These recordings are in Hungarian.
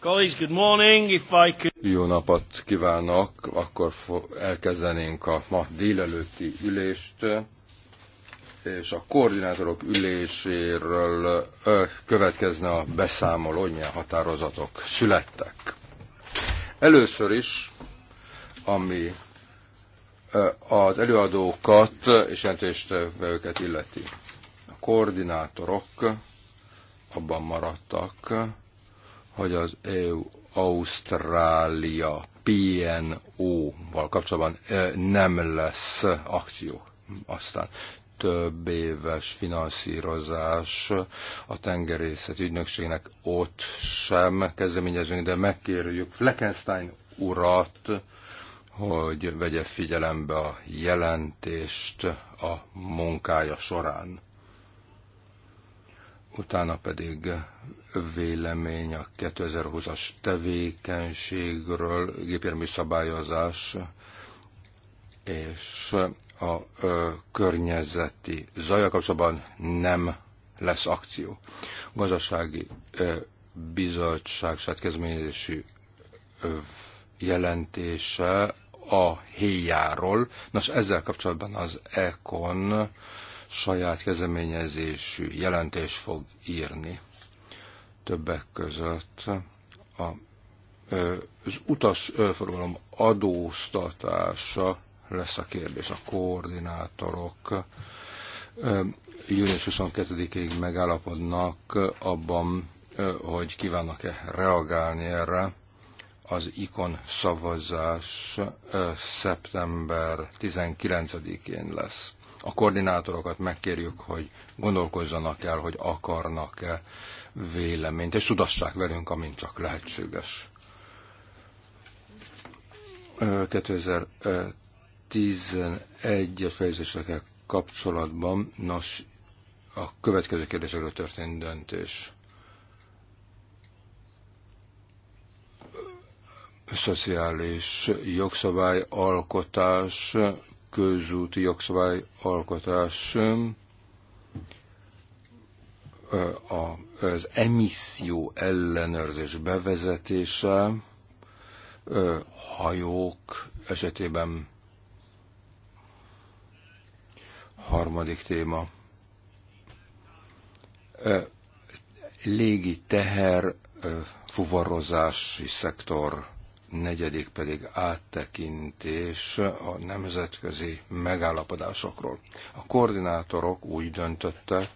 good morning. Jó napot kívánok, akkor elkezdenénk a ma délelőtti ülést, és a koordinátorok üléséről következne a beszámoló, hogy milyen határozatok születtek. Először is, ami az előadókat és őket illeti. A koordinátorok abban maradtak, hogy az EU-Ausztrália PNO-val kapcsolatban nem lesz akció. Aztán több éves finanszírozás a tengerészeti ügynökségnek ott sem kezdeményezünk, de megkérjük Fleckenstein urat, hogy vegye figyelembe a jelentést a munkája során. Utána pedig vélemény a 2020-as tevékenységről, gépjármű szabályozás és a ö, környezeti zaja kapcsolatban nem lesz akció. Gazdasági ö, bizottság kezdeményezésű jelentése a héjáról. Nos, ezzel kapcsolatban az ECON saját kezdeményezésű jelentés fog írni többek között a, az utas forgalom adóztatása lesz a kérdés. A koordinátorok június 22-ig megállapodnak abban, hogy kívánnak-e reagálni erre. Az ikon szavazás szeptember 19-én lesz. A koordinátorokat megkérjük, hogy gondolkozzanak el, hogy akarnak-e véleményt, és tudassák velünk, amint csak lehetséges. 2011-es fejezésekkel kapcsolatban, nos, a következő kérdésekről történt döntés. Szociális jogszabály alkotás közúti jogszabály alkotás, az emisszió ellenőrzés bevezetése hajók esetében harmadik téma. Légi teher fuvarozási szektor, negyedik pedig áttekintés a nemzetközi megállapodásokról. A koordinátorok úgy döntöttek,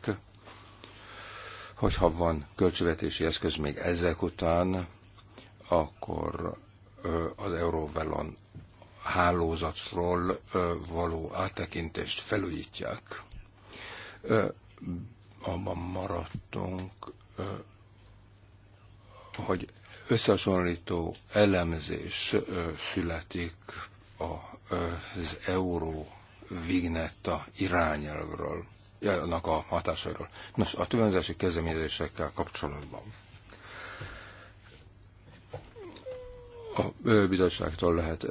Hogyha van költségvetési eszköz még ezek után, akkor az Eurovelon hálózatról való áttekintést felújítják. Abban maradtunk, hogy összehasonlító elemzés születik az euró vignetta irányelvről annak a hatásairól. Nos, a tulajdonosi kezdeményezésekkel kapcsolatban. A bizottságtól lehet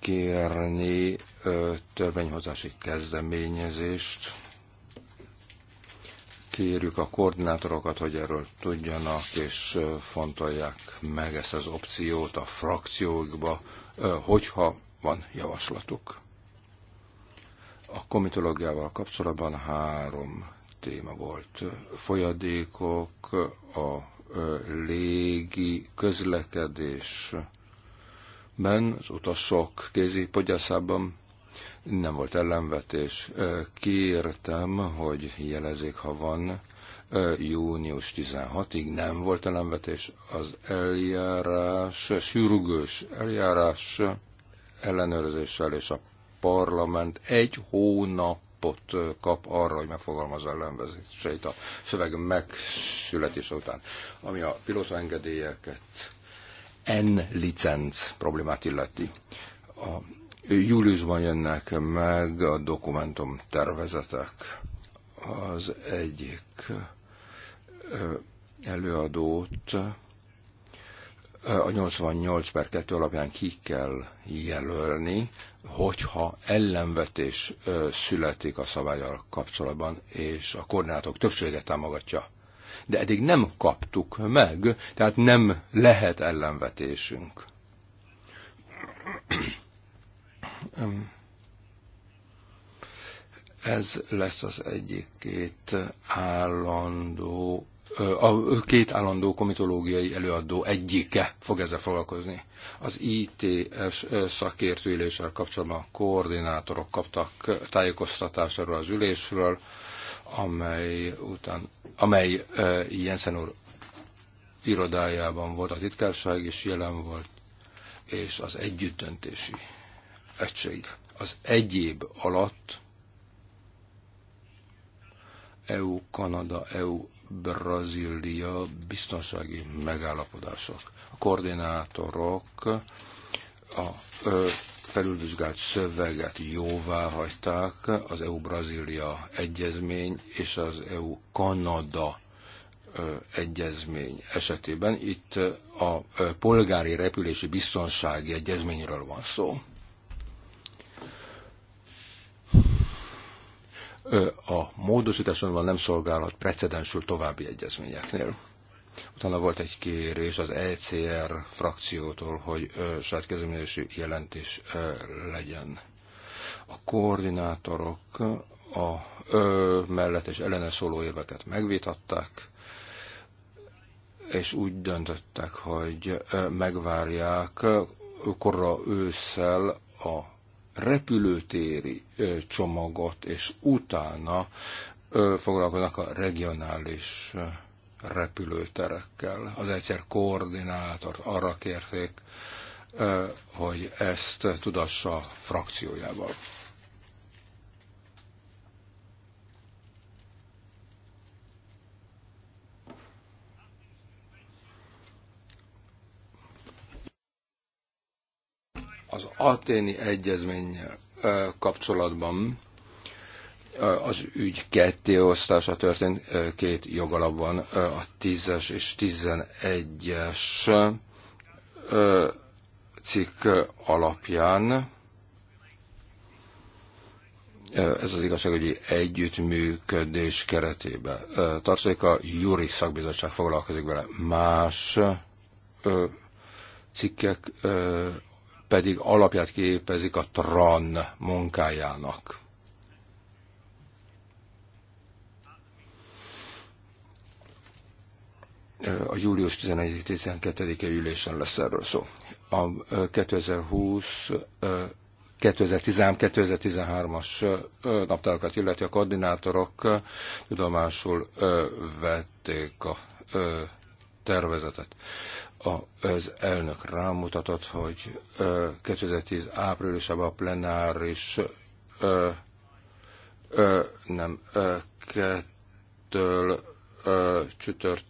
kérni törvényhozási kezdeményezést. Kérjük a koordinátorokat, hogy erről tudjanak, és fontolják meg ezt az opciót a frakciókba, hogyha van javaslatuk. A komitológiával kapcsolatban három téma volt. Folyadékok, a légi közlekedésben, az utasok kézi podgyászában nem volt ellenvetés. Kértem, hogy jelezik, ha van. Június 16-ig nem volt ellenvetés. Az eljárás, sürgős eljárás ellenőrzéssel és a Parlament egy hónapot kap arra, hogy megfogalmazza ellenvezéseit a szöveg megszületése után. Ami a pilotaengedélyeket N licenc problémát illeti. A júliusban jönnek meg a dokumentum tervezetek. Az egyik előadót a 88 per 2 alapján ki kell jelölni, hogyha ellenvetés születik a szabályal kapcsolatban, és a koordinátok többsége támogatja. De eddig nem kaptuk meg, tehát nem lehet ellenvetésünk. Ez lesz az egyik két állandó a két állandó komitológiai előadó egyike fog ezzel foglalkozni. Az ITS üléssel kapcsolatban a koordinátorok kaptak tájékoztatást erről az ülésről, amely, után, amely Jensen úr irodájában volt a titkárság, és jelen volt, és az együttdöntési egység. Az egyéb alatt EU-Kanada, EU Brazília biztonsági megállapodások. A koordinátorok a felülvizsgált szöveget jóvá hagyták, az EU-Brazília egyezmény és az EU-Kanada egyezmény esetében. Itt a polgári repülési biztonsági egyezményről van szó. a azonban nem szolgálhat precedensül további egyezményeknél. Utána volt egy kérés az ECR frakciótól, hogy saját kezdeményezési jelentés legyen. A koordinátorok a ö, mellett és ellene szóló érveket megvitatták, és úgy döntöttek, hogy megvárják korra ősszel a repülőtéri csomagot, és utána foglalkoznak a regionális repülőterekkel. Az egyszer koordinátort arra kérték, hogy ezt tudassa frakciójával. az aténi egyezménnyel kapcsolatban az ügy kettéosztása történt, két jogalap van, a 10-es és 11-es cikk alapján. Ez az igazságügyi együttműködés keretében tartozik, a Juri Szakbizottság foglalkozik vele. Más cikkek pedig alapját képezik a TRAN munkájának. A július 11-12-e ülésen lesz erről szó. A 2020 2013-2013-as naptárakat illeti a koordinátorok tudomásul vették a tervezetet az elnök rámutatott, hogy 2010 áprilisában a plenáris nem kettől csütört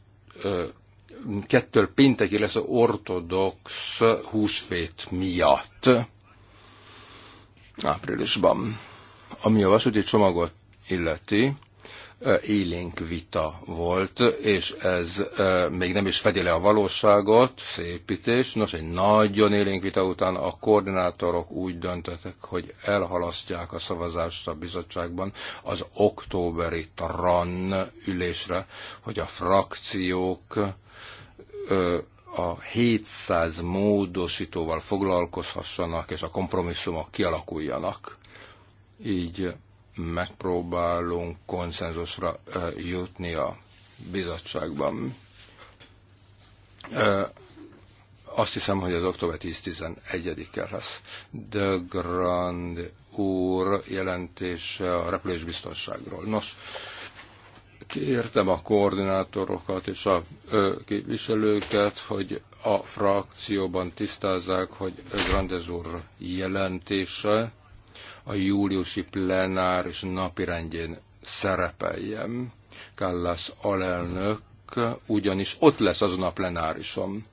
kettől pénteki lesz ortodox húsvét miatt áprilisban. Ami a vasúti csomagot illeti, élénk vita volt, és ez még nem is fedi le a valóságot, szépítés. Nos, egy nagyon élénk vita után a koordinátorok úgy döntöttek, hogy elhalasztják a szavazást a bizottságban az októberi TRAN ülésre, hogy a frakciók a 700 módosítóval foglalkozhassanak, és a kompromisszumok kialakuljanak. Így megpróbálunk konszenzusra jutni a bizottságban. Azt hiszem, hogy az október 10-11-e lesz. De Grand úr jelentése a repülésbiztonságról. Nos, kértem a koordinátorokat és a képviselőket, hogy a frakcióban tisztázzák, hogy Grandez úr jelentése a júliusi plenáris napirendjén szerepeljem. Kallas alelnök ugyanis ott lesz azon a plenárisom,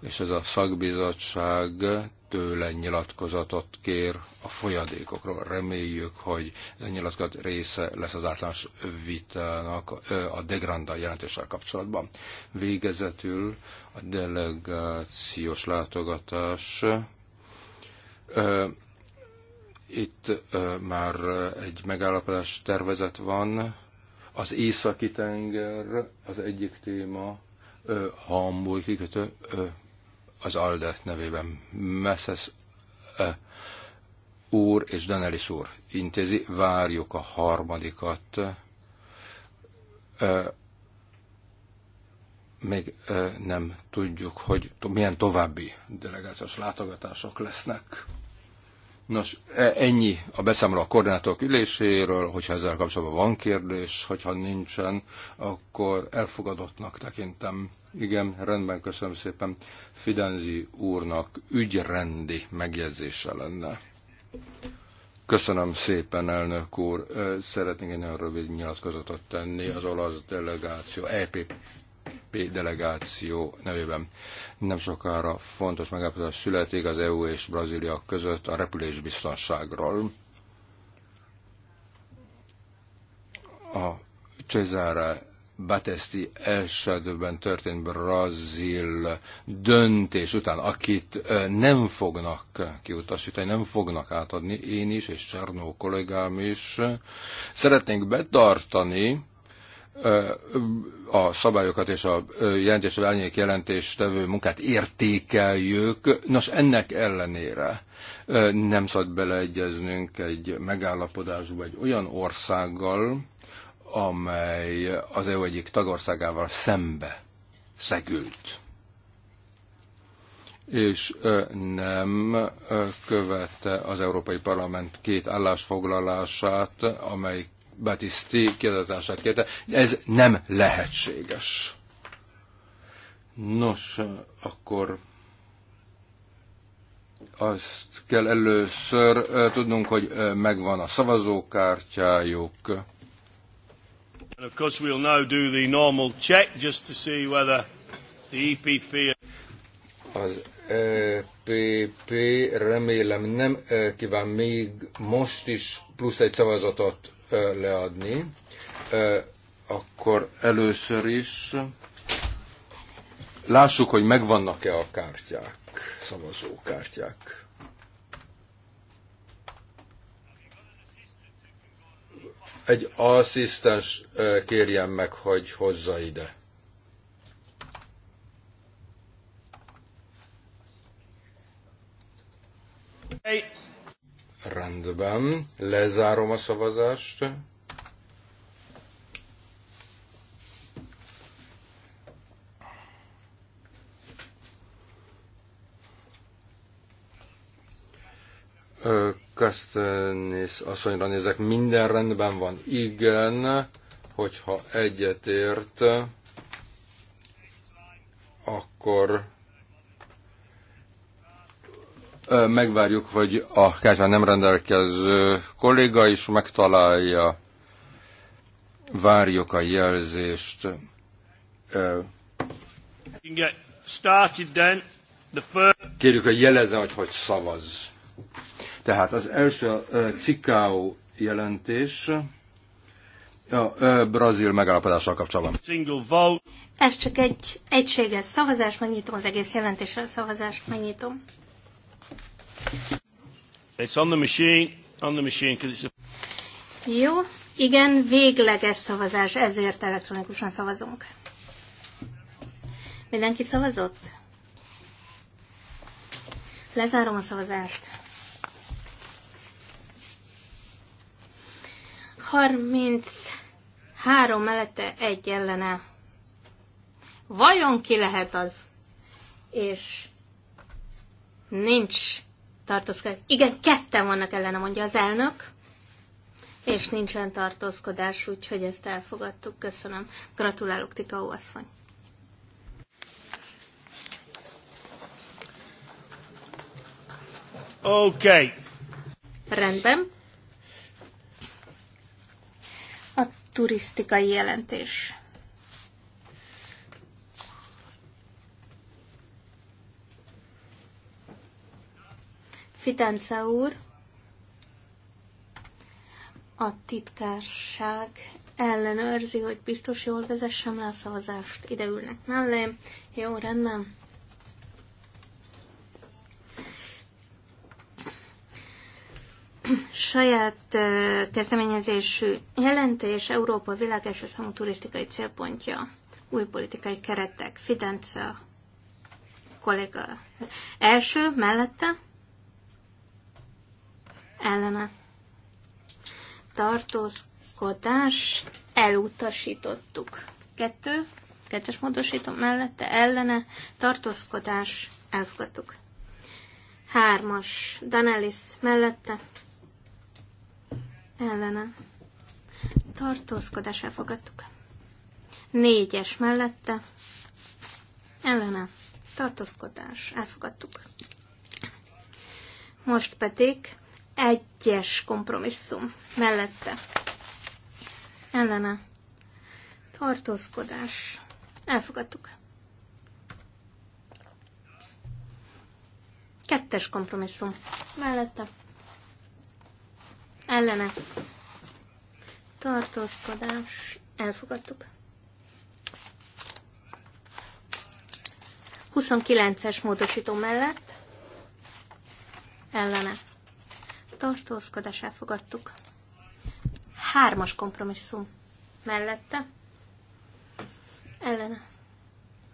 és ez a szakbizottság tőle nyilatkozatot kér a folyadékokról. Reméljük, hogy a nyilatkozat része lesz az általános vitának a Degranda jelentéssel kapcsolatban. Végezetül a delegációs látogatás itt már egy megállapodás tervezet van. Az északi tenger az egyik téma, Hamburg kikötő, az ALDE nevében Messes úr és Danelis úr intézi, várjuk a harmadikat. Még nem tudjuk, hogy milyen további delegációs látogatások lesznek. Nos, e, ennyi a beszámoló a koordinátorok üléséről, hogyha ezzel kapcsolatban van kérdés, hogyha nincsen, akkor elfogadottnak tekintem. Igen, rendben, köszönöm szépen. Fidenzi úrnak ügyrendi megjegyzése lenne. Köszönöm szépen, elnök úr. Szeretnék egy nagyon rövid nyilatkozatot tenni az olasz delegáció, EP EP delegáció nevében. Nem sokára fontos megállapodás születik az EU és Brazília között a repülésbiztonságról. A Cesare Batesti esetben történt brazil döntés után, akit nem fognak kiutasítani, nem fognak átadni, én is és Csernó kollégám is. Szeretnénk betartani a szabályokat és a jelentésre árnyék jelentéstevő munkát értékeljük. Nos, ennek ellenére nem szabad beleegyeznünk egy megállapodásba egy olyan országgal, amely az EU egyik tagországával szembe szegült. És nem követte az Európai Parlament két állásfoglalását, amely Batiszti kiadatását kérte. Ez nem lehetséges. Nos, akkor azt kell először tudnunk, hogy megvan a szavazókártyájuk. And of course we'll now do the normal check just to see whether the EPP az EPP remélem nem kíván még most is plusz egy szavazatot leadni, akkor először is lássuk, hogy megvannak-e a kártyák, szavazókártyák. Egy asszisztens kérjen meg, hogy hozza ide. Hey. Rendben, lezárom a szavazást. Kastanis asszonyra nézek, minden rendben van. Igen, hogyha egyetért, akkor Megvárjuk, hogy a kártyán nem rendelkező kolléga is megtalálja. Várjuk a jelzést. Kérjük, hogy jelezze, hogy hogy szavaz. Tehát az első cikáó jelentés a brazil megállapodással kapcsolatban. Ez csak egy egységes szavazás, megnyitom az egész jelentésre a szavazást, megnyitom. It's on the machine, on the machine, it's a... Jó, igen, végleges szavazás, ezért elektronikusan szavazunk. Mindenki szavazott? Lezárom a szavazást. 33 mellette egy ellene. Vajon ki lehet az? És nincs tartózkodás. Igen, ketten vannak ellene, mondja az elnök, és nincsen tartózkodás, úgyhogy ezt elfogadtuk. Köszönöm. Gratulálok, Tika Oké. Okay. Rendben. A turisztikai jelentés. Fidence úr, a titkárság ellenőrzi, hogy biztos jól vezessem le a szavazást. Ide ülnek mellém. Jó, rendben. Saját uh, kezdeményezésű jelentés Európa világ első számú turisztikai célpontja, új politikai keretek, Fidence kolléga első, mellette, ellene tartózkodás elutasítottuk. Kettő, kettes módosító mellette ellene tartózkodás elfogadtuk. Hármas, Danelis mellette ellene tartózkodás elfogadtuk. Négyes mellette ellene tartózkodás elfogadtuk. Most pedig egyes kompromisszum mellette. Ellene. Tartózkodás. Elfogadtuk. Kettes kompromisszum mellette. Ellene. Tartózkodás. Elfogadtuk. 29-es módosító mellett ellene tartózkodását fogadtuk. Hármas kompromisszum mellette, ellene,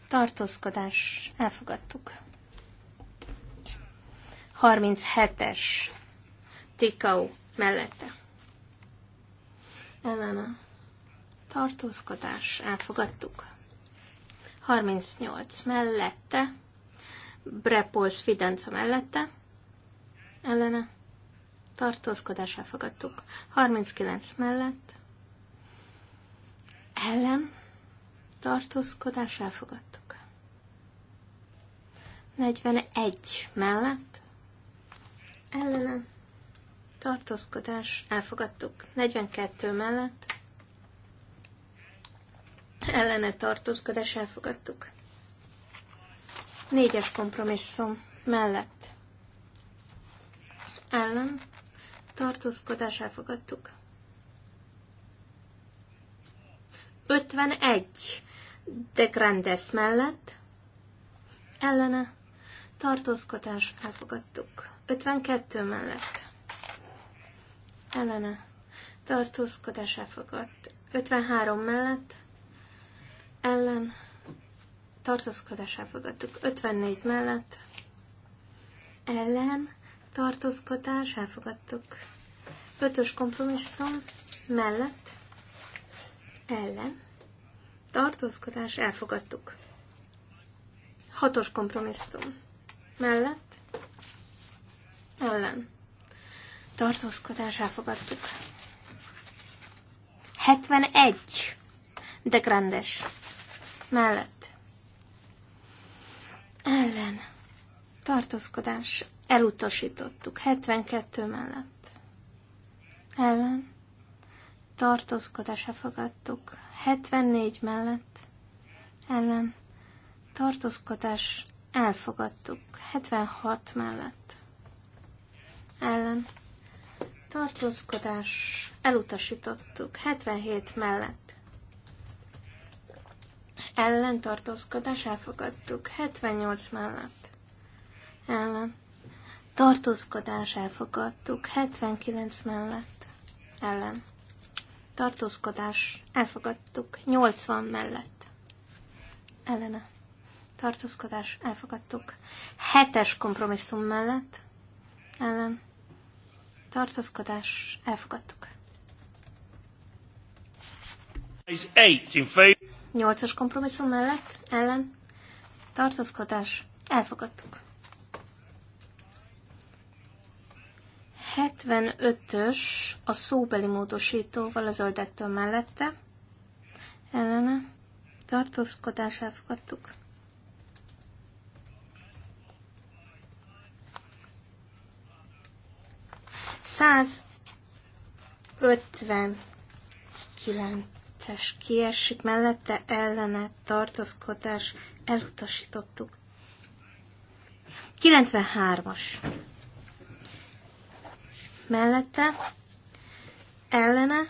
tartózkodás elfogadtuk. 37-es Tikau mellette. Ellene. Tartózkodás. Elfogadtuk. 38 mellette. Brepols Fidenca mellette. Ellene tartózkodás elfogadtuk. 39 mellett ellen tartózkodás elfogadtuk. 41 mellett ellene tartózkodás elfogadtuk. 42 mellett ellene tartózkodás elfogadtuk. Négyes kompromisszum mellett ellen tartózkodás elfogadtuk. 51 de Grandes mellett ellene tartózkodás elfogadtuk. 52 mellett ellene tartózkodás elfogadt. 53 mellett ellen tartózkodás elfogadtuk. 54 mellett ellen tartózkodás, elfogadtuk. Ötös kompromisszum, mellett, ellen, tartózkodás, elfogadtuk. Hatos kompromisszum, mellett, ellen, tartózkodás, elfogadtuk. 71, de grandes, mellett, ellen, tartózkodás, Elutasítottuk. 72 mellett. Ellen. tartózkodása fogadtuk 74 mellett. Ellen. Tartózkodás elfogadtuk. 76 mellett. Ellen. Tartózkodás elutasítottuk. 77 mellett. Ellen tartózkodás elfogadtuk. 78 mellett. Ellen tartózkodás elfogadtuk, 79 mellett ellen. Tartózkodás elfogadtuk, 80 mellett ellene. Tartózkodás elfogadtuk, 7-es kompromisszum mellett ellen. Tartózkodás elfogadtuk. 8-as kompromisszum mellett ellen. Tartózkodás elfogadtuk. 75-ös a szóbeli módosítóval az zöldektől mellette. Ellene tartózkodás elfogadtuk. Száz ötven es kiesik mellette ellene tartózkodás elutasítottuk. 93-as mellette, ellene,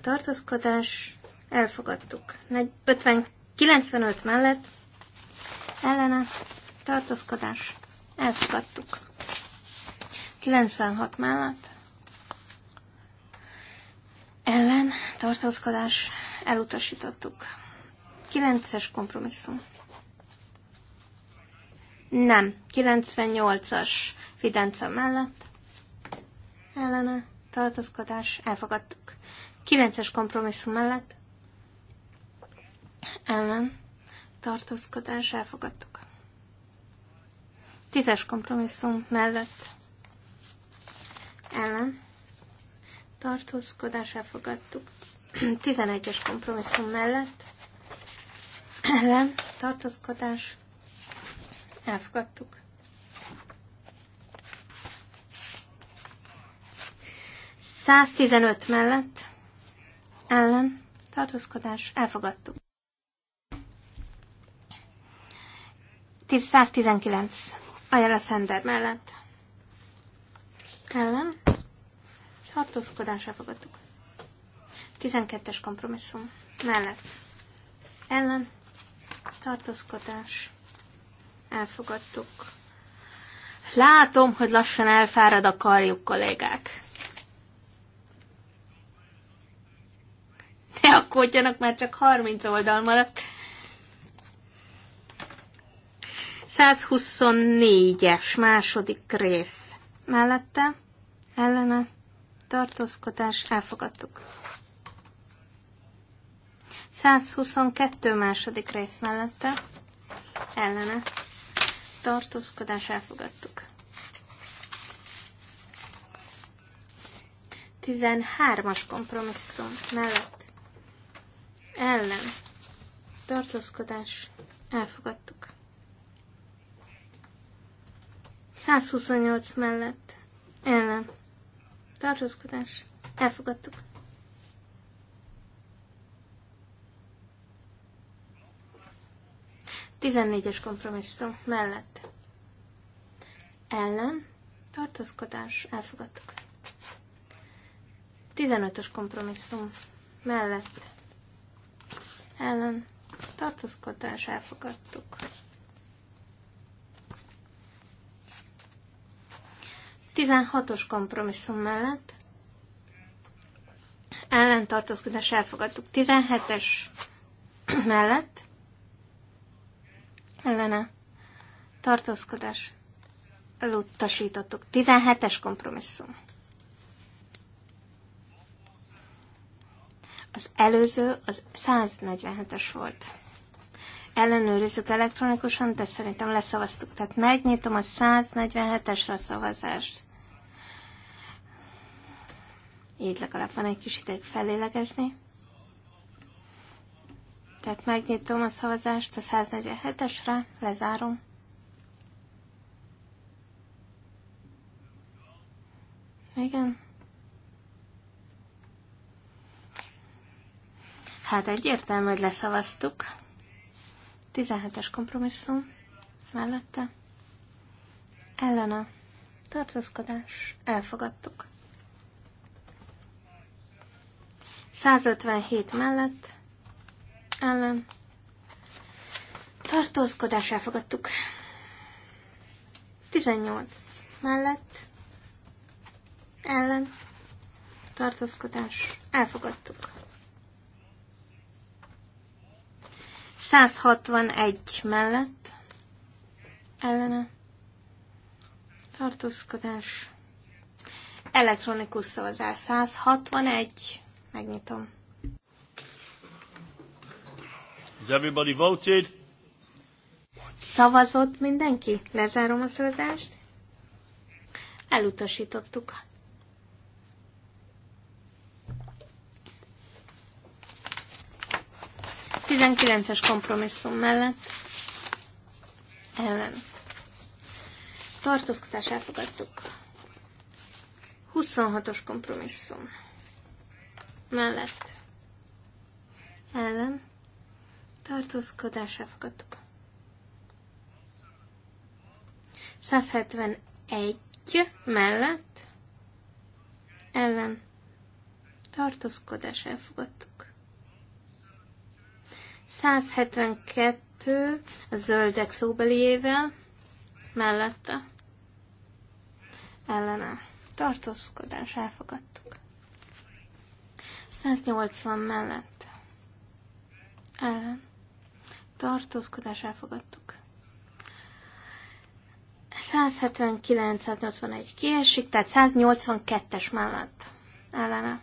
tartózkodás, elfogadtuk. 50, 95 mellett, ellene, tartózkodás, elfogadtuk. 96 mellett, ellen, tartózkodás, elutasítottuk. 9-es kompromisszum. Nem, 98-as Fidenca mellett ellene tartózkodás elfogadtuk. 9-es kompromisszum mellett ellen tartózkodás elfogadtuk. 10-es kompromisszum mellett ellen tartózkodás elfogadtuk. 11-es kompromisszum mellett ellen tartózkodás elfogadtuk. 115 mellett ellen tartózkodás elfogadtuk. 119 Ajara Szender mellett ellen tartózkodás elfogadtuk. 12-es kompromisszum mellett ellen tartózkodás elfogadtuk. Látom, hogy lassan elfárad a karjuk, kollégák. a aggódjanak, már csak 30 oldal maradt. 124-es második rész. Mellette, ellene, tartózkodás, elfogadtuk. 122 második rész mellette, ellene, tartózkodás, elfogadtuk. 13-as kompromisszum mellett ellen tartózkodás elfogadtuk. 128 mellett ellen tartózkodás elfogadtuk. Tizennégyes kompromisszum mellett ellen tartózkodás elfogadtuk. Tizenötös kompromisszum mellett ellen tartózkodás elfogadtuk. Tizenhatos kompromisszum mellett ellentartózkodás elfogadtuk. 17-es mellett ellene tartózkodás elutasítottuk. 17-es kompromisszum Az előző az 147-es volt. Ellenőrizzük elektronikusan, de szerintem leszavaztuk. Tehát megnyitom a 147-esre a szavazást. Így legalább van egy kis ideig felélegezni. Tehát megnyitom a szavazást a 147-esre, lezárom. Igen, Hát egyértelmű, hogy leszavaztuk. 17-es kompromisszum mellette. Ellene. Tartózkodás. Elfogadtuk. 157 mellett. Ellen. Tartózkodás. Elfogadtuk. 18 mellett. Ellen. Tartózkodás. Elfogadtuk. 161 mellett ellene tartózkodás. Elektronikus szavazás 161. Megnyitom. Is everybody voted? Szavazott mindenki? Lezárom a szavazást. Elutasítottuk. 19-es kompromisszum mellett ellen. Tartózkodás elfogadtuk. 26-os kompromisszum mellett ellen. Tartózkodás elfogadtuk. 171 mellett ellen tartózkodás elfogadtuk. 172 a zöldek szóbeliével mellette ellene tartózkodás elfogadtuk. 180 mellett ellen tartózkodás elfogadtuk. 179-181 kiesik, tehát 182-es mellett ellene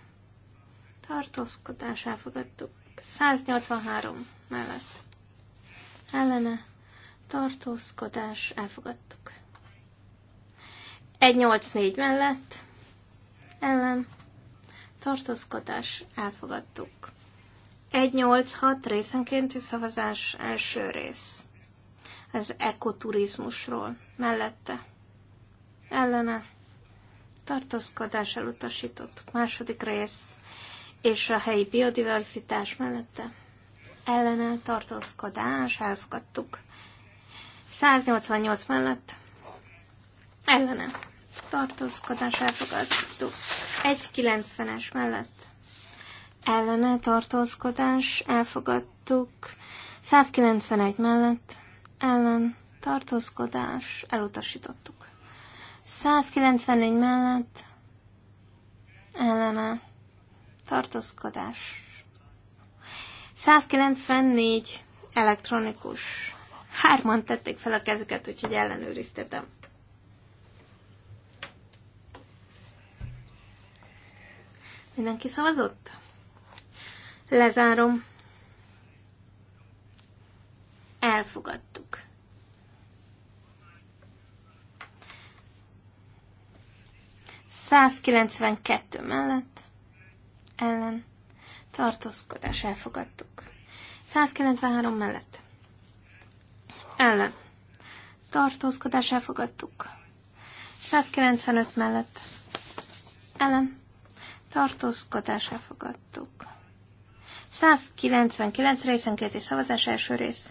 tartózkodás elfogadtuk. 183 mellett ellene tartózkodás elfogadtuk. 184 mellett ellen tartózkodás elfogadtuk. 186 részenkénti szavazás első rész. Ez ekoturizmusról mellette ellene tartózkodás elutasított. Második rész és a helyi biodiverzitás mellette ellene tartózkodás, elfogadtuk. 188 mellett ellene tartózkodás, elfogadtuk. 190-es mellett ellene tartózkodás, elfogadtuk. 191 mellett ellen tartózkodás, elutasítottuk. 194 mellett ellene tartózkodás. 194 elektronikus. Hárman tették fel a kezüket, úgyhogy ellenőriztetem. Mindenki szavazott? Lezárom. Elfogadtuk. Százkilencvenkettő mellett ellen tartózkodás elfogadtuk. 193 mellett ellen tartózkodás elfogadtuk. 195 mellett ellen tartózkodás elfogadtuk. 199 részenkéti szavazás első rész.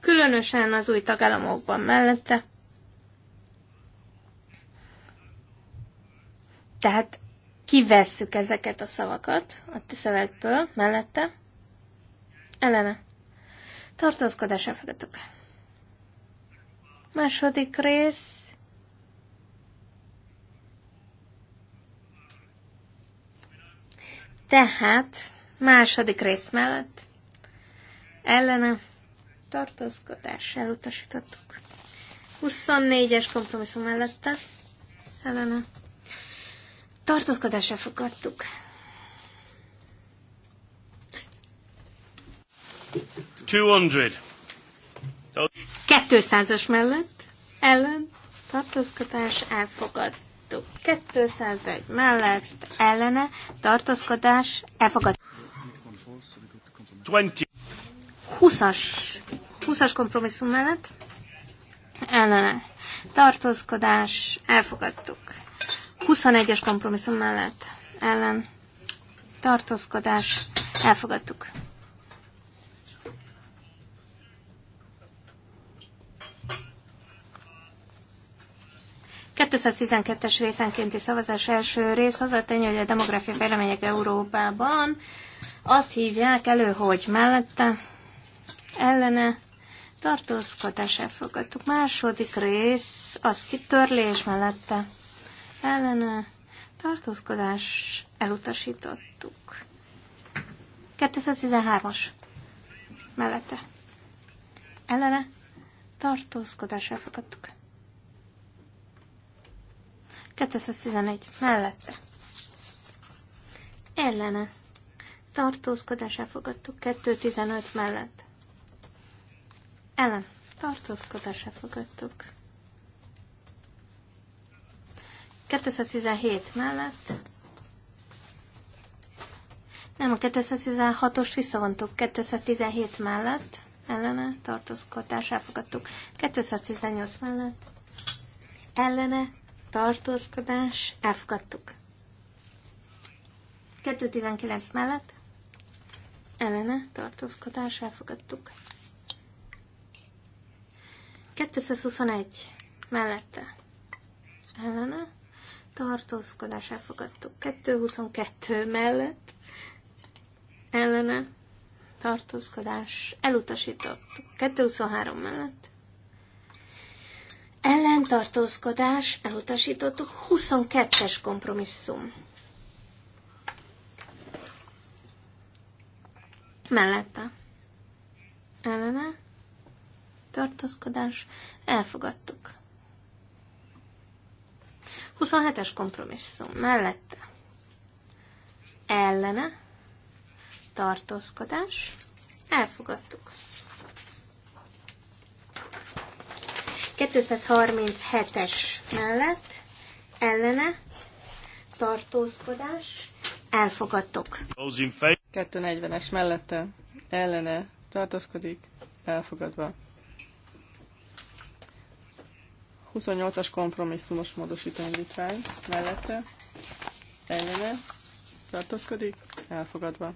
Különösen az új tagállamokban mellette. Tehát kivesszük ezeket a szavakat a szövegből, mellette, ellene. Tartózkodás elfogadtuk. Második rész. Tehát, második rész mellett ellene tartózkodás elutasítottuk. 24-es kompromisszum mellette ellene tartózkodásra fogadtuk. Kettőszázas mellett ellen tartózkodás elfogadtuk. Kettőszázegy mellett ellene tartózkodás elfogadtuk. 20. 20-as 20 kompromisszum mellett ellene tartózkodás elfogadtuk. 21-es kompromisszum mellett ellen tartózkodás elfogadtuk. es részenkénti szavazás első rész az a tény, hogy a demográfiai fejlemények Európában azt hívják elő, hogy mellette ellene tartózkodás elfogadtuk. Második rész, az kitörlés mellette ellene tartózkodás elutasítottuk. 213-as mellette ellene tartózkodás elfogadtuk. 211 mellette ellene tartózkodás elfogadtuk. 215 mellett ellen tartózkodás elfogadtuk. 217 mellett. Nem, a 216 os visszavontuk. 217 mellett ellene tartózkodás elfogadtuk. 218 mellett ellene tartózkodás elfogadtuk. 219 mellett ellene tartózkodás elfogadtuk. 221 mellette ellene tartózkodás elfogadtuk. 222 mellett ellene tartózkodás elutasítottuk. 223 mellett ellentartózkodás elutasítottuk. 22-es kompromisszum mellette ellene tartózkodás elfogadtuk. 27-es kompromisszum mellette ellene tartózkodás elfogadtuk. 237-es mellett ellene tartózkodás elfogadtuk. 240-es mellette ellene tartózkodik elfogadva. 28-as kompromisszumos módosító indítvány mellette ellene tartózkodik, elfogadva.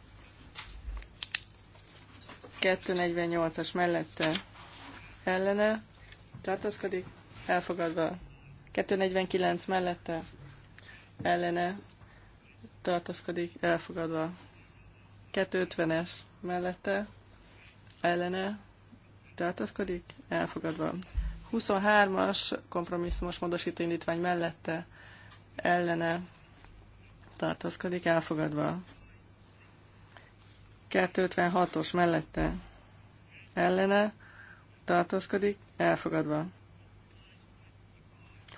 248-as mellette ellene tartózkodik, elfogadva. 249 mellette ellene tartózkodik, elfogadva. 250-es mellette ellene tartózkodik, elfogadva. 23-as kompromisszumos módosító indítvány mellette ellene tartózkodik elfogadva. 256-os mellette ellene tartózkodik elfogadva.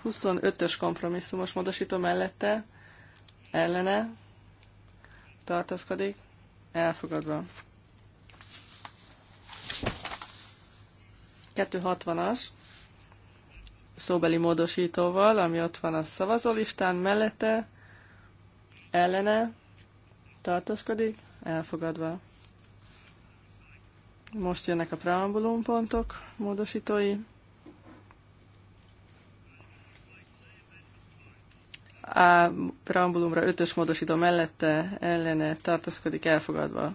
25-ös kompromisszumos módosító mellette ellene tartózkodik elfogadva. 260-as szóbeli módosítóval, ami ott van a szavazólistán mellette, ellene tartózkodik, elfogadva. Most jönnek a preambulum pontok, módosítói. A preambulumra ötös módosító mellette ellene tartózkodik elfogadva.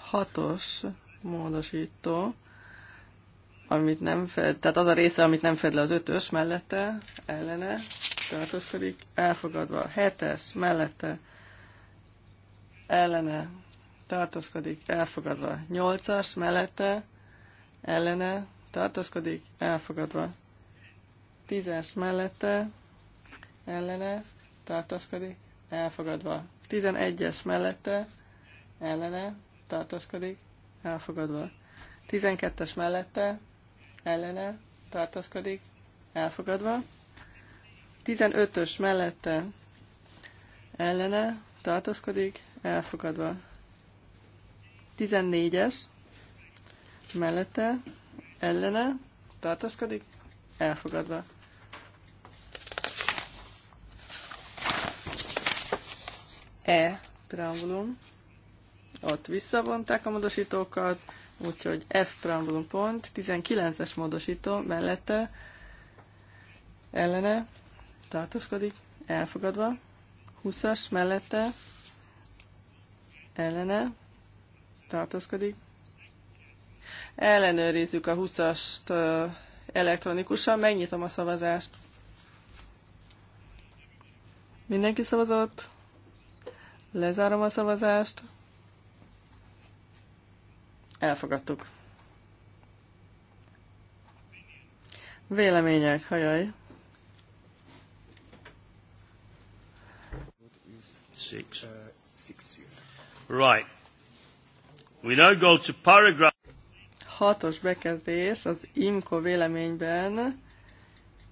Hatos módosító amit nem fed, tehát az a része, amit nem fed le az ötös mellette, ellene tartozkodik, elfogadva. Hetes mellette, ellene tartozkodik, elfogadva. Nyolcas mellette, ellene tartozkodik, elfogadva. Tízes mellette, ellene tartozkodik, elfogadva. Tizenegyes mellette, ellene tartozkodik, elfogadva. 12-es mellette ellene tartozkodik, elfogadva. 15-ös mellette ellene tartozkodik, elfogadva. 14-es mellette ellene tartozkodik, elfogadva. E preambulum. Ott visszavonták a módosítókat. Úgyhogy F preambulum pont, 19-es módosító mellette ellene tartózkodik, elfogadva. 20-as mellette ellene tartózkodik. Ellenőrizzük a 20-ast elektronikusan, megnyitom a szavazást. Mindenki szavazott? Lezárom a szavazást. Elfogadtuk. Vélemények, hajaj. Right. We now go to paragraph. Hatos bekezdés az IMCO véleményben,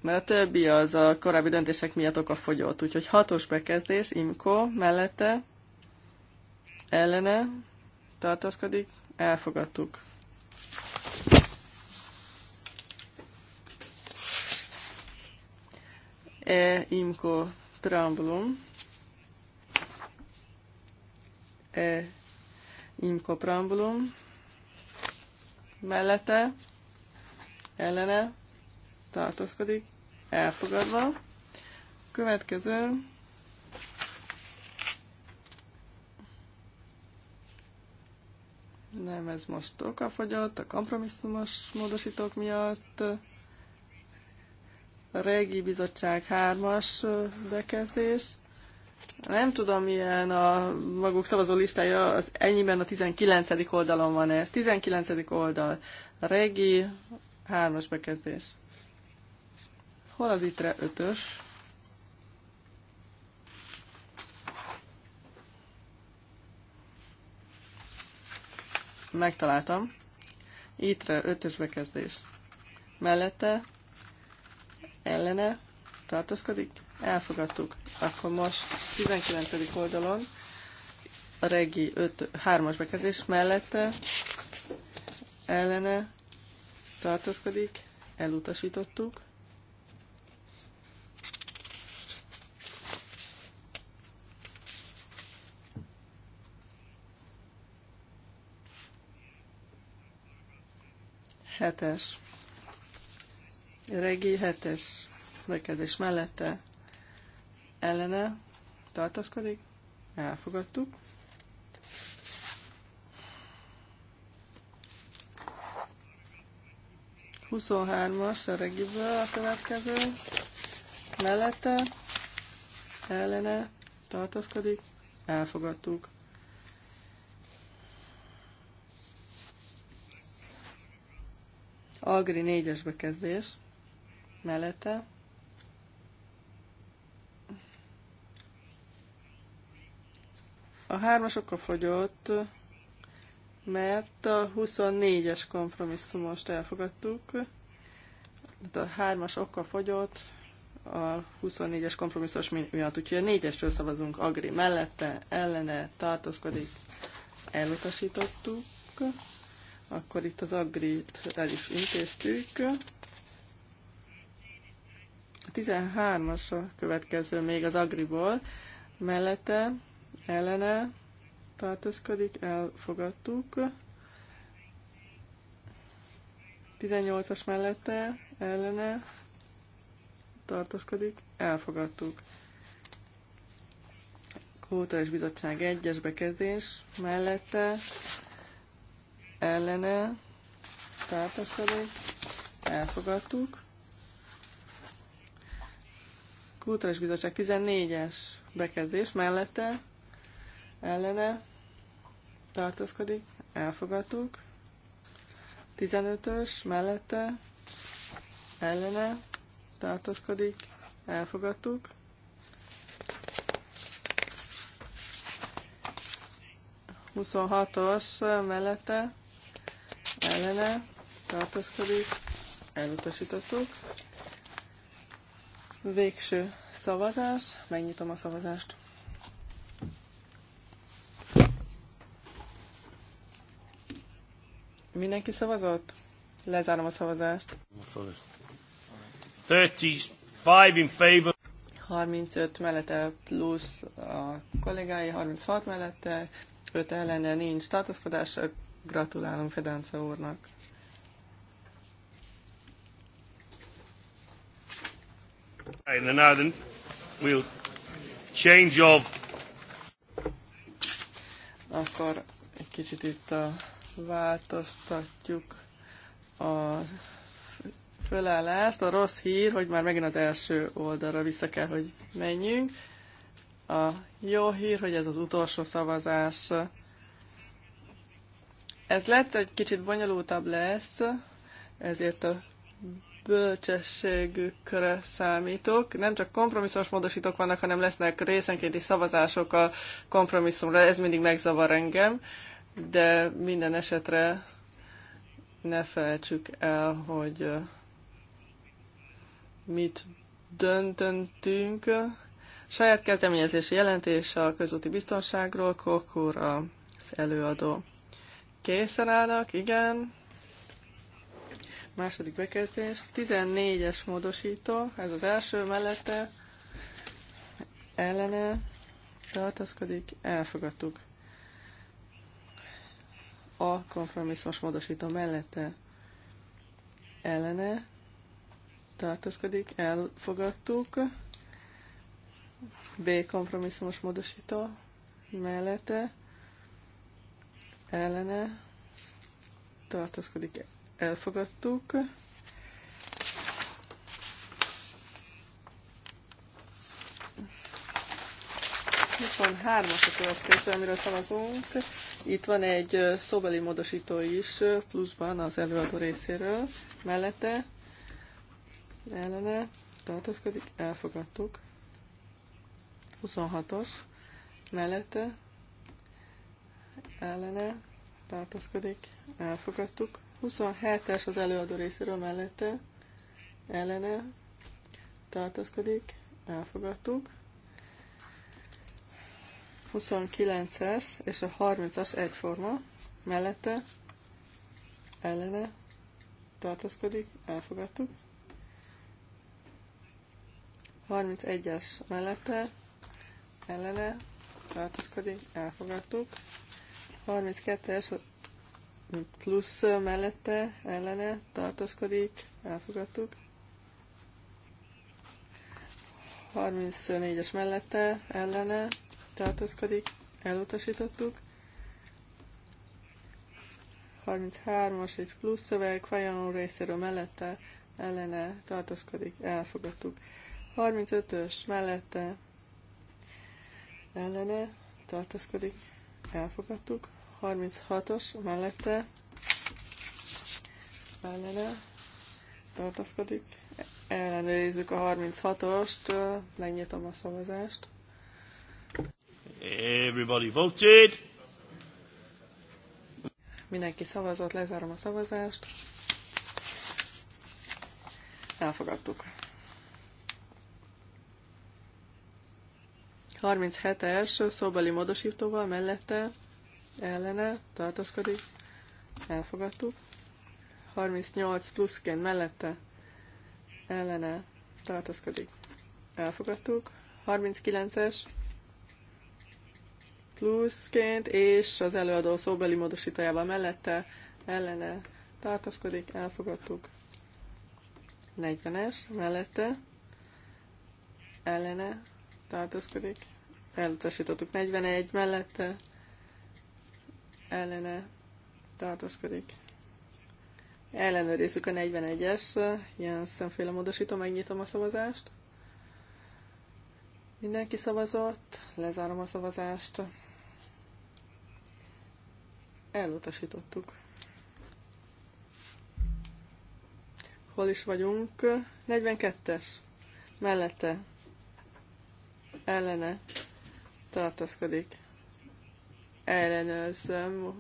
mert a többi az a korábbi döntések miatt oka fogyott. Úgyhogy hatos bekezdés, IMCO mellette, ellene tartózkodik, elfogadtuk. E imko prambulum, E imko prambulum. Mellette, ellene, tartózkodik, elfogadva. Következő Nem, ez most okafogyott a kompromisszumos módosítók miatt. A régi bizottság hármas bekezdés. Nem tudom, milyen a maguk szavazó listája, az ennyiben a 19. oldalon van ez. 19. oldal. A régi hármas bekezdés. Hol az itre ötös? megtaláltam. Ítre, ötös bekezdés. Mellette, ellene, tartozkodik, Elfogadtuk. Akkor most 19. oldalon a regi 3-as bekezdés mellette, ellene, tartozkodik, elutasítottuk. Hetes. Regi hetes bekezdés mellette ellene tartaszkodik. Elfogadtuk. Huszonhármas a regiből a következő. Mellette ellene tartaszkodik. Elfogadtuk. Agri négyes bekezdés mellette. A 3 fogyott, mert a 24-es kompromisszumost elfogadtuk. De a hármas okkal fogyott, a 24-es kompromisszos miatt. Úgyhogy a négyestől szavazunk Agri mellette, ellene tartózkodik, elutasítottuk. Akkor itt az agrit el is intéztük. A 13-as a következő még az agriból. Mellette, ellene tartózkodik, elfogadtuk. 18-as mellette, ellene tartózkodik, elfogadtuk. és Bizottság 1-es bekezdés mellette ellene tartózkodik, elfogadtuk. Kultúrás Bizottság 14-es bekezdés mellette ellene tartózkodik, elfogadtuk. 15-ös mellette ellene tartózkodik, elfogadtuk. Huszonhatos mellette ellene tartózkodik, elutasítottuk. Végső szavazás, megnyitom a szavazást. Mindenki szavazott? Lezárom a szavazást. 35 in favor. 35 mellette plusz a kollégái, 36 mellette, 5 ellene nincs tartózkodás, Gratulálunk Fedence úrnak. And now then we'll change of... Akkor egy kicsit itt a, változtatjuk a fölállást. A rossz hír, hogy már megint az első oldalra vissza kell, hogy menjünk. A jó hír, hogy ez az utolsó szavazás ez lett egy kicsit bonyolultabb lesz, ezért a bölcsességükre számítok. Nem csak kompromisszumos módosítók vannak, hanem lesznek részenkénti szavazások a kompromisszumra. Ez mindig megzavar engem, de minden esetre ne felejtsük el, hogy mit döntöttünk. Saját kezdeményezési jelentés a közúti biztonságról, Kokor az előadó. Készen állnak, igen. Második bekezdés. 14-es módosító, ez az első mellette. Ellene tartozkodik, elfogadtuk. A kompromisszumos módosító mellette ellene tartózkodik, elfogadtuk. B kompromisszumos módosító mellette ellene tartózkodik, elfogadtuk. hármas a következő, amiről szavazunk. Itt van egy szóbeli módosító is, pluszban az előadó részéről, mellette, ellene, tartózkodik, elfogadtuk. 26-os, mellette, ellene tartózkodik, elfogadtuk. 27-es az előadó részéről mellette ellene tartózkodik, elfogadtuk. 29-es és a 30-as egyforma mellette ellene tartózkodik, elfogadtuk. 31-es mellette ellene tartózkodik, elfogadtuk. 32-es plusz mellette ellene tartózkodik, elfogadtuk. 34-es mellette ellene tartózkodik, elutasítottuk. 33-as egy plusz szöveg, fajon részéről mellette ellene tartózkodik, elfogadtuk. 35-ös mellette ellene tartózkodik, elfogadtuk. 36-os mellette ellene tartaszkodik. Ellenőrizzük a 36-ost, megnyitom a szavazást. Everybody voted. Mindenki szavazott, lezárom a szavazást. Elfogadtuk. 37-es szóbeli módosítóval mellette ellene tartózkodik. Elfogadtuk. 38 pluszken mellette ellene tartózkodik. Elfogadtuk. 39-es pluszként és az előadó szóbeli módosítójával mellette ellene tartózkodik. Elfogadtuk. 40-es mellette ellene tartózkodik elutasítottuk 41 mellette, ellene tartózkodik. Ellenőrizzük a 41-es, ilyen szemféle módosító, megnyitom a szavazást. Mindenki szavazott, lezárom a szavazást. Elutasítottuk. Hol is vagyunk? 42-es. Mellette. Ellene tartózkodik. Ellenőrzöm,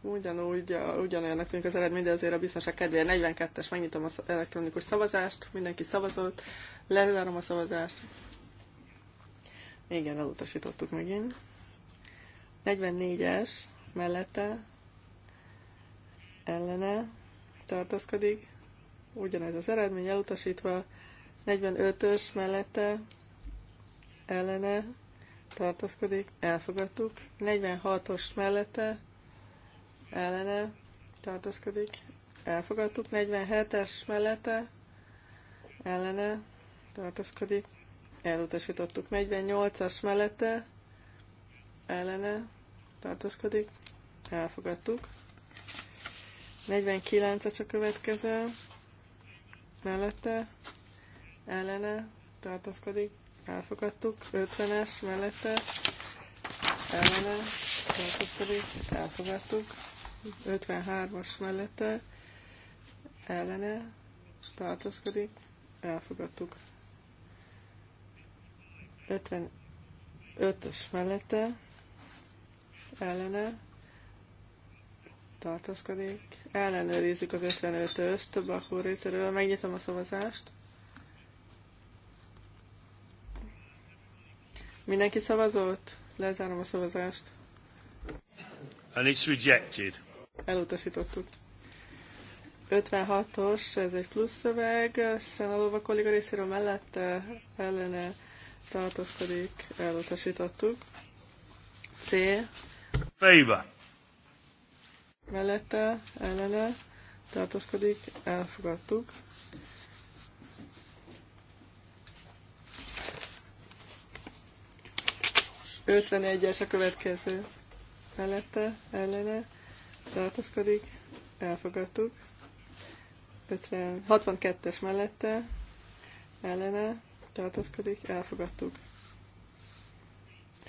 ugyanúgy, ugyanolyan tűnik az eredmény, de azért a biztonság kedvéért 42-es, megnyitom az elektronikus szavazást, mindenki szavazott, lezárom a szavazást. Igen, elutasítottuk megint. 44-es mellette ellene tartózkodik, ugyanez az eredmény elutasítva, 45-ös mellette ellene tartózkodik, elfogadtuk. 46-os mellette ellene tartózkodik, elfogadtuk. 47-es mellette ellene tartózkodik, elutasítottuk. 48-as mellette ellene tartózkodik, elfogadtuk. 49-es a következő, mellette, ellene, tartózkodik, elfogadtuk, 50-es mellette ellene tartózkodik, elfogadtuk, 53-as mellette ellene tartózkodik, elfogadtuk. 55-ös mellette ellene tartózkodik. Ellenőrizzük az 55-öst, Bachúr részéről. Megnyitom a szavazást. Mindenki szavazott? Lezárom a szavazást. And it's rejected. Elutasítottuk. 56-os, ez egy plusz szöveg, Senalova kolléga részéről mellette ellene tartozkodik, elutasítottuk. C. Favor. Mellette ellene tartozkodik, elfogadtuk. 51-es a következő mellette, ellene tartozkodik, elfogadtuk. 50, 62-es mellette, ellene tartozkodik, elfogadtuk.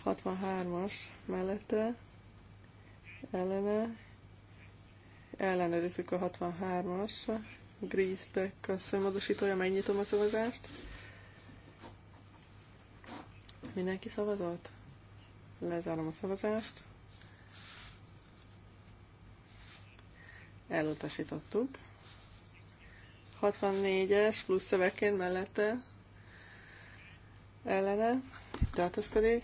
63-as mellette, ellene, ellenőrizzük a 63-as, Greaseback a szemmódosítója, megnyitom a szavazást. Mindenki szavazott? Lezárom a szavazást. Elutasítottuk. 64-es plusz szövegként mellette ellene tartózkodik.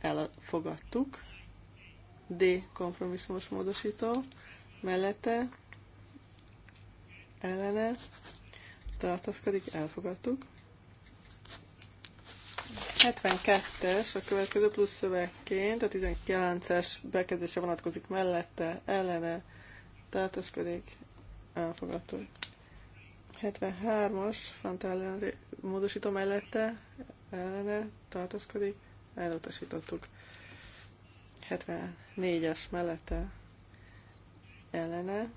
Elfogadtuk. D kompromisszumos módosító mellette ellene tartózkodik. Elfogadtuk. 72-es a következő plusz szövegként, a 19-es bekezdése vonatkozik mellette, ellene tartózkodik, elfogadtuk. 73-as Fantellen módosító mellette, ellene tartózkodik, elutasítottuk. 74-es mellette, ellene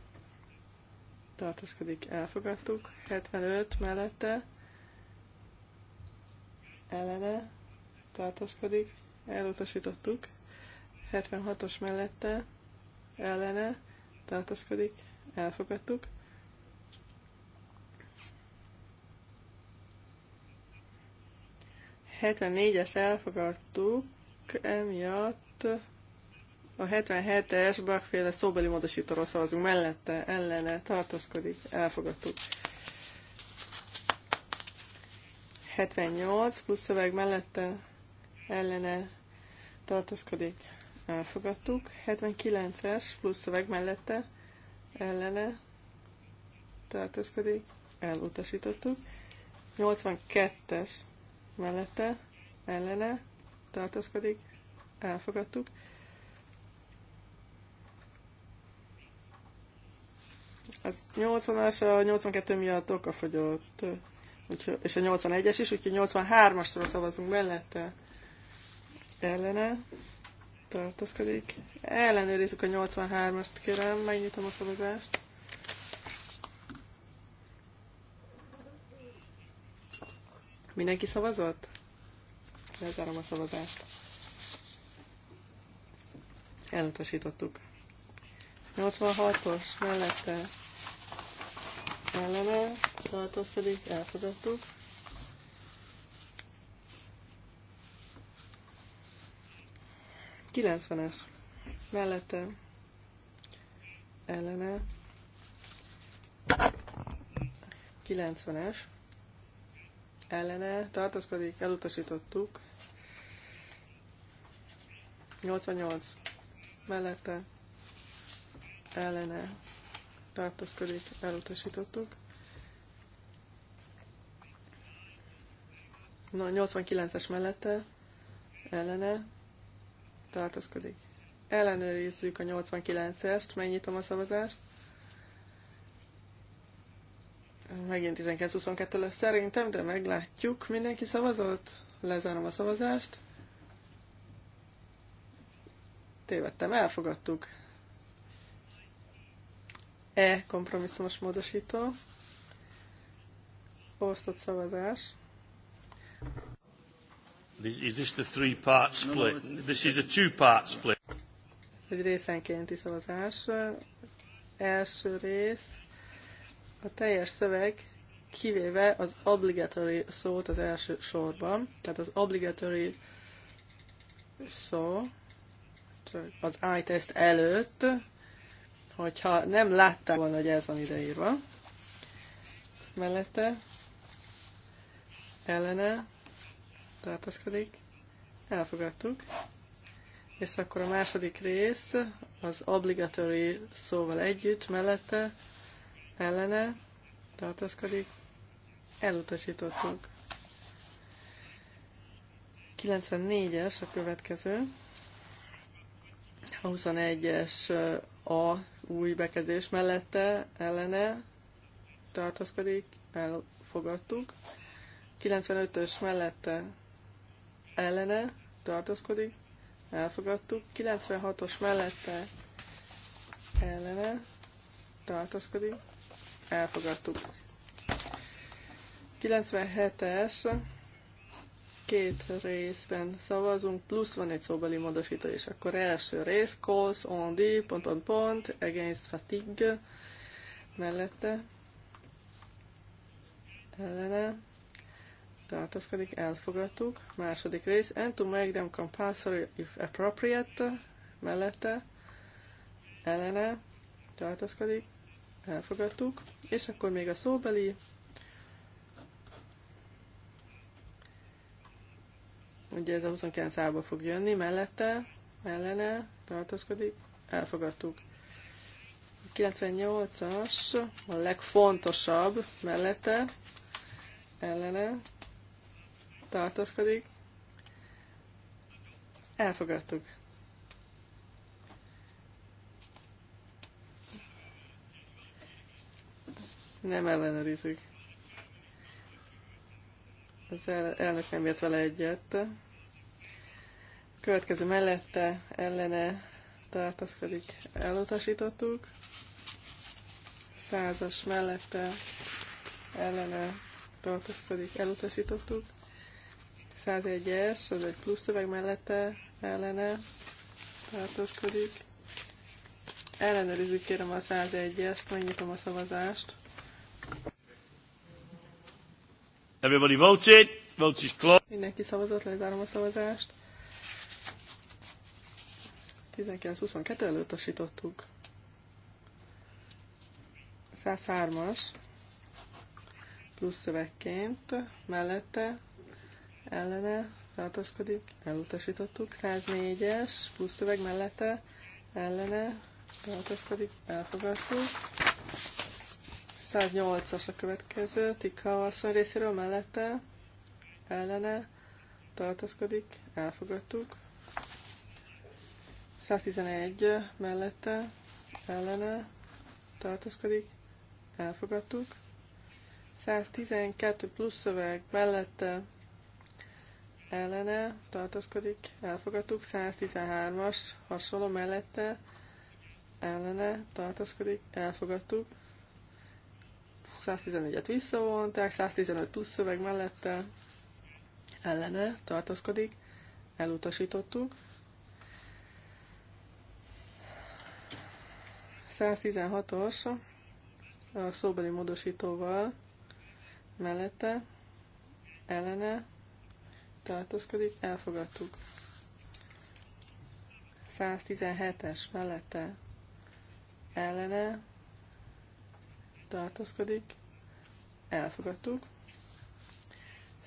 tartózkodik, elfogadtuk. 75 mellette, ellene tartózkodik, elutasítottuk. 76-os mellette ellene tartózkodik, elfogadtuk. A 74-es elfogadtuk, emiatt a 77-es bakféle szóbeli módosítóról szavazunk mellette, ellene tartózkodik, elfogadtuk. 78 plusz szöveg mellette ellene tartózkodik, elfogadtuk. 79-es plusz szöveg mellette ellene tartózkodik, elutasítottuk. 82-es mellette ellene tartózkodik, elfogadtuk. 80-as, a 82 miatt okafogyott és a 81-es is, úgyhogy 83-asról szavazunk mellette. Ellene tartózkodik. Ellenőrizzük a 83-ast, kérem, megnyitom a szavazást. Mindenki szavazott? Lezárom a szavazást. Elutasítottuk. 86-os mellette ellene tartózkodik, elfogadtuk. Kilencvenes. Mellette ellene. kilencvenes ellene tartózkodik, elutasítottuk. 88 mellette ellene tartózkodik, elutasítottuk. 89-es mellette ellene tartózkodik. Ellenőrizzük a 89-est, megnyitom a szavazást. Megint 1922 lesz szerintem, de meglátjuk. Mindenki szavazott? Lezárom a szavazást. Tévedtem, elfogadtuk. E kompromisszumos módosító. Osztott szavazás. Is this the three part split? No, this is a two part split. Egy részenkénti szavazás. Első rész, a teljes szöveg kivéve az obligatory szót az első sorban, tehát az obligatory szó az i-test előtt, hogyha nem látták volna, hogy ez van ideírva, mellette, ellene, tartózkodik, elfogadtuk. És akkor a második rész az obligatory szóval együtt, mellette, ellene tartózkodik, elutasítottuk. 94-es a következő. A 21-es a új bekezdés mellette ellene tartózkodik, elfogadtuk. 95-ös mellette ellene tartózkodik, elfogadtuk. 96-os mellette ellene tartózkodik, elfogadtuk. 97-es két részben szavazunk, plusz van egy szóbeli módosító, és akkor első rész, calls on the, pont, pont, pont, against fatigue, mellette, ellene, tartózkodik, elfogadtuk. Második rész, and to make them compulsory if appropriate, mellette, ellene, tartózkodik, elfogadtuk. És akkor még a szóbeli, ugye ez a 29 ába fog jönni, mellette, ellene, tartózkodik, elfogadtuk. 98-as, a legfontosabb mellette, ellene, tartózkodik. Elfogadtuk. Nem ellenőrizik. Az el, elnök nem ért vele egyet. Következő mellette ellene tartózkodik. Elutasítottuk. Százas mellette ellene tartózkodik. Elutasítottuk. 101-es, az egy plusz szöveg mellette ellene tartózkodik. Ellenőrizzük kérem a 101-est, megnyitom a szavazást. Everybody voted. Votes is closed. Mindenki szavazott, lezárom a szavazást. 19-22 elutasítottuk. 103-as plusz szövegként mellette ellene tartózkodik, elutasítottuk. 104-es plusz szöveg mellette ellene tartózkodik, elfogadtuk. 108-as a következő, Tika asszony részéről mellette ellene tartózkodik, elfogadtuk. 111 mellette ellene tartózkodik, elfogadtuk. 112 plusz szöveg mellette ellene tartózkodik, elfogadtuk. 113-as hasonló mellette ellene tartózkodik, elfogadtuk. 114-et visszavonták, 115 plusz szöveg mellette ellene tartózkodik, elutasítottuk. 116-os a szóbeli módosítóval mellette ellene tartózkodik, elfogadtuk. 117-es mellette ellene tartózkodik, elfogadtuk.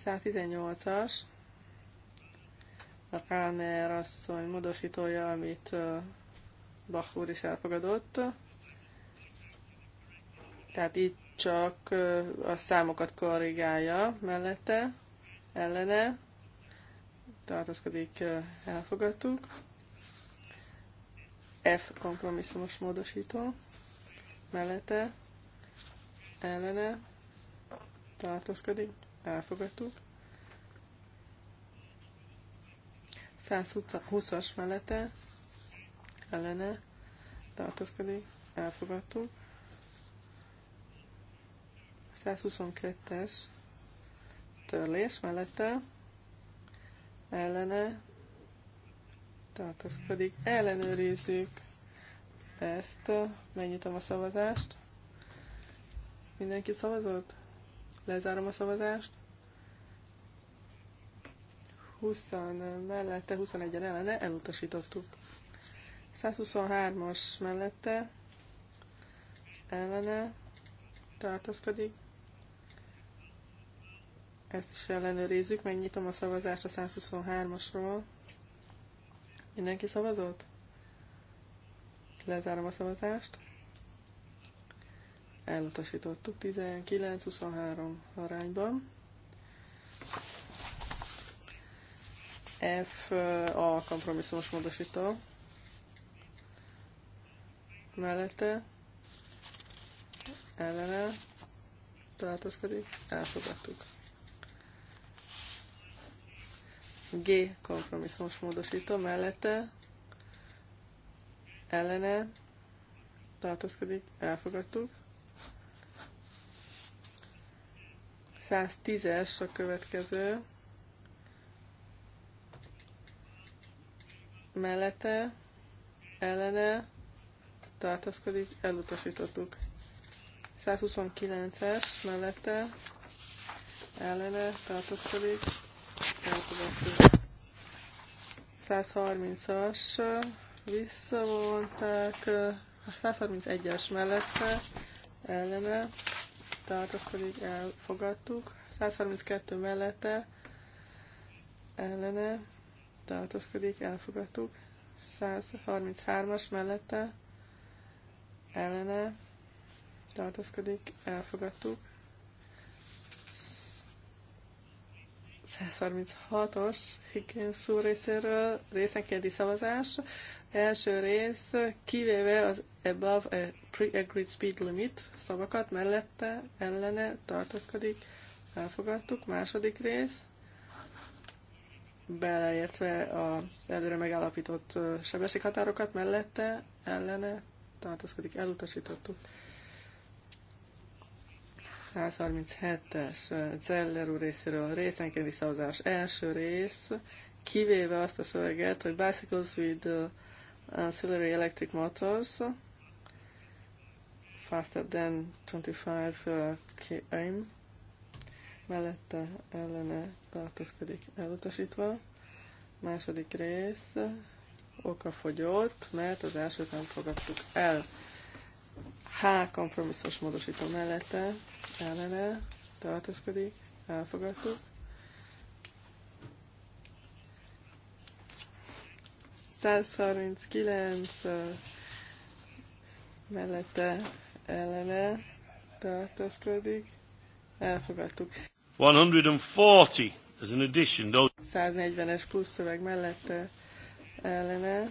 118-as a Káner asszony módosítója, amit Bach úr is elfogadott. Tehát itt csak a számokat korrigálja mellette, ellene tartozkodik elfogadtuk. F kompromisszumos módosító, mellette, ellene, tartozkodik, elfogadtuk. 120-as mellette, ellene, tartozkodik, elfogadtuk. 122-es törlés mellette, ellene tartózkodik. Ellenőrizzük ezt. Megnyitom a szavazást. Mindenki szavazott? Lezárom a szavazást. 20 mellette, 21-en ellene elutasítottuk. 123-as mellette ellene tartozkodik. Ezt is ellenőrizzük, megnyitom a szavazást a 123-asról. Mindenki szavazott? Lezárom a szavazást. Elutasítottuk 19-23 arányban. F a kompromisszumos módosító mellette ellene tartozkodik, elfogadtuk. G kompromisszumos módosító mellette ellene tartózkodik, elfogadtuk. 110-es a következő. Mellette, ellene, tartózkodik, elutasítottuk. 129-es mellette, ellene, tartózkodik, 130-as visszavonták, 131-es mellette ellene pedig elfogadtuk. 132 mellette ellene tartózkodik, elfogadtuk. 133-as mellette ellene tartózkodik, elfogadtuk. 136-os Higgins úr részéről részenkénti szavazás. Első rész, kivéve az above a pre-agreed speed limit szavakat mellette, ellene tartózkodik. Elfogadtuk. Második rész, beleértve az előre megállapított sebességhatárokat mellette, ellene tartózkodik. Elutasítottuk. 137-es Zeller úr részéről részenként szavazás első rész, kivéve azt a szöveget, hogy bicycles with uh, ancillary electric motors faster than 25 uh, km mellette ellene tartózkodik elutasítva. Második rész oka fogyott, mert az elsőt nem fogadtuk el. H kompromisszos módosító mellette ellene tartozkodik, elfogadtuk. kilenc mellette ellene tartozkodik, elfogadtuk. 140 as an addition. 140-es plusz szöveg mellette ellene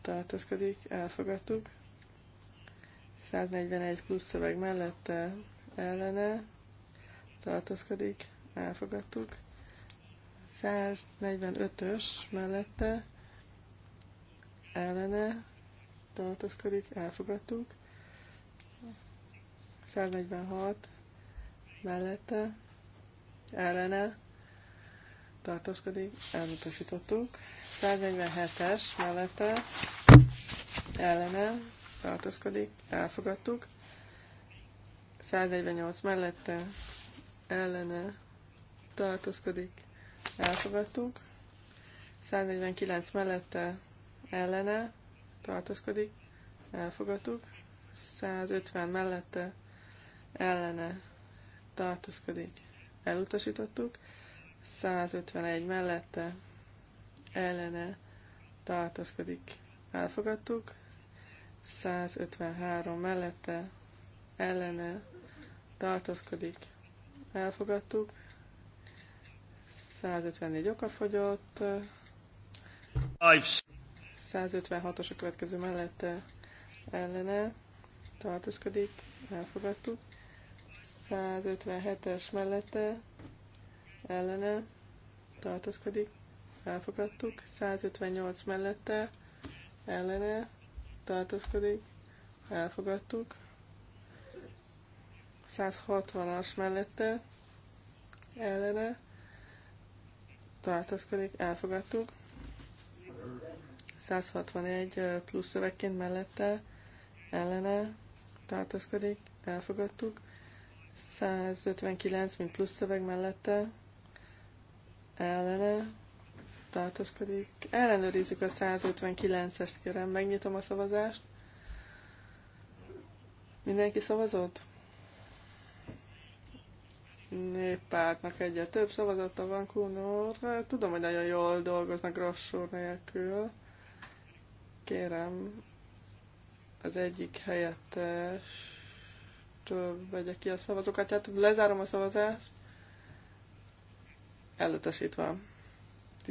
tartozkodik, elfogadtuk. 141 plusz szöveg mellette ellene tartózkodik, elfogadtuk. 145-ös mellette ellene tartózkodik, elfogadtuk. 146 mellette ellene tartózkodik, elutasítottuk. 147-es mellette ellene tartózkodik, elfogadtuk. 148 mellette ellene tartózkodik, elfogadtuk. 149 mellette ellene tartózkodik, elfogadtuk. 150 mellette ellene tartózkodik, elutasítottuk. 151 mellette ellene tartózkodik, elfogadtuk. 153 mellette ellene tartózkodik. Elfogadtuk. 154 okafogyott. 156-os a következő mellette ellene tartózkodik. Elfogadtuk. 157-es mellette ellene tartózkodik. Elfogadtuk. 158 mellette ellene tartózkodik, elfogadtuk. 160-as mellette, ellene, tartózkodik, elfogadtuk. 161 plusz szövegként mellette, ellene, tartózkodik, elfogadtuk. 159, mint plusz szöveg mellette, ellene, tartózkodik. Ellenőrizzük a 159-est, kérem, megnyitom a szavazást. Mindenki szavazott? Néppártnak egyre több szavazata van, Kunor. Tudom, hogy nagyon jól dolgoznak rassor nélkül. Kérem, az egyik helyettes vegye ki a Hát Lezárom a szavazást. Elutasítva.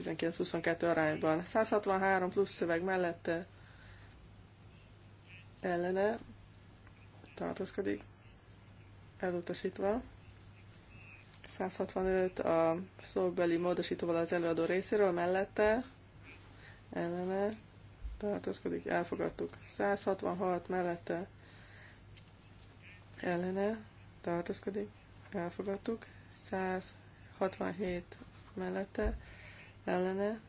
19-22 arányban. 163 plusz szöveg mellette ellene tartózkodik, elutasítva. 165 a szóbeli módosítóval az előadó részéről mellette ellene tartózkodik, elfogadtuk. 166 mellette ellene tartózkodik, elfogadtuk. 167 mellette ellene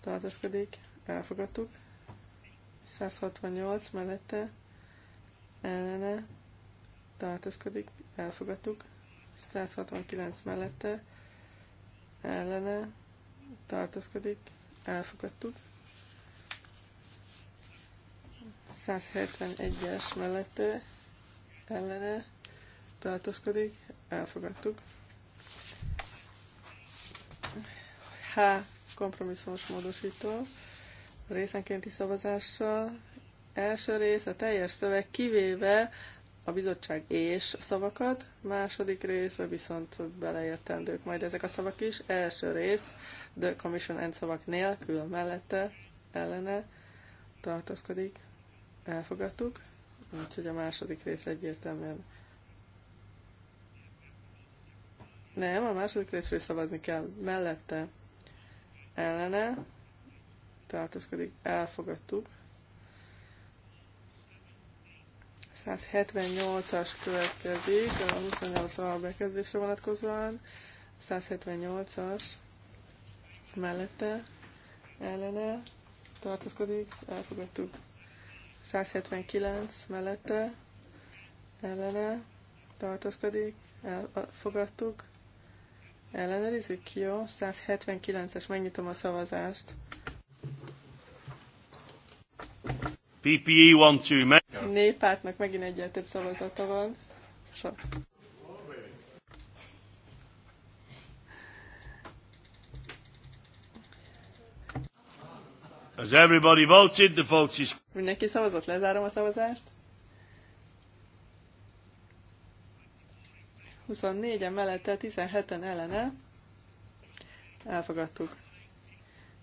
tartózkodik, elfogadtuk. 168 mellette ellene tartózkodik, elfogadtuk. 169 mellette ellene tartózkodik, elfogadtuk. 171-es mellette ellene tartózkodik, elfogadtuk. H kompromisszumos módosító részenkénti szavazással. Első rész a teljes szöveg kivéve a bizottság és szavakat, második részbe viszont beleértendők majd ezek a szavak is. Első rész the commission and szavak nélkül mellette ellene tartozkodik. Elfogadtuk. Úgyhogy a második rész egyértelműen nem, a második részről szavazni kell mellette ellene tartózkodik, elfogadtuk. 178-as következik, a 28 a bekezdésre vonatkozóan, 178-as mellette, ellene tartózkodik, elfogadtuk. 179 mellette, ellene tartózkodik, elfogadtuk. Ellenőrizzük ki, jó? 179-es, megnyitom a szavazást. PPE 1-2. Néppártnak megint egyet több szavazata van. So. Has everybody voted? The vote is... Mindenki szavazott, lezárom a szavazást. 24-en mellette, 17-en ellene. Elfogadtuk.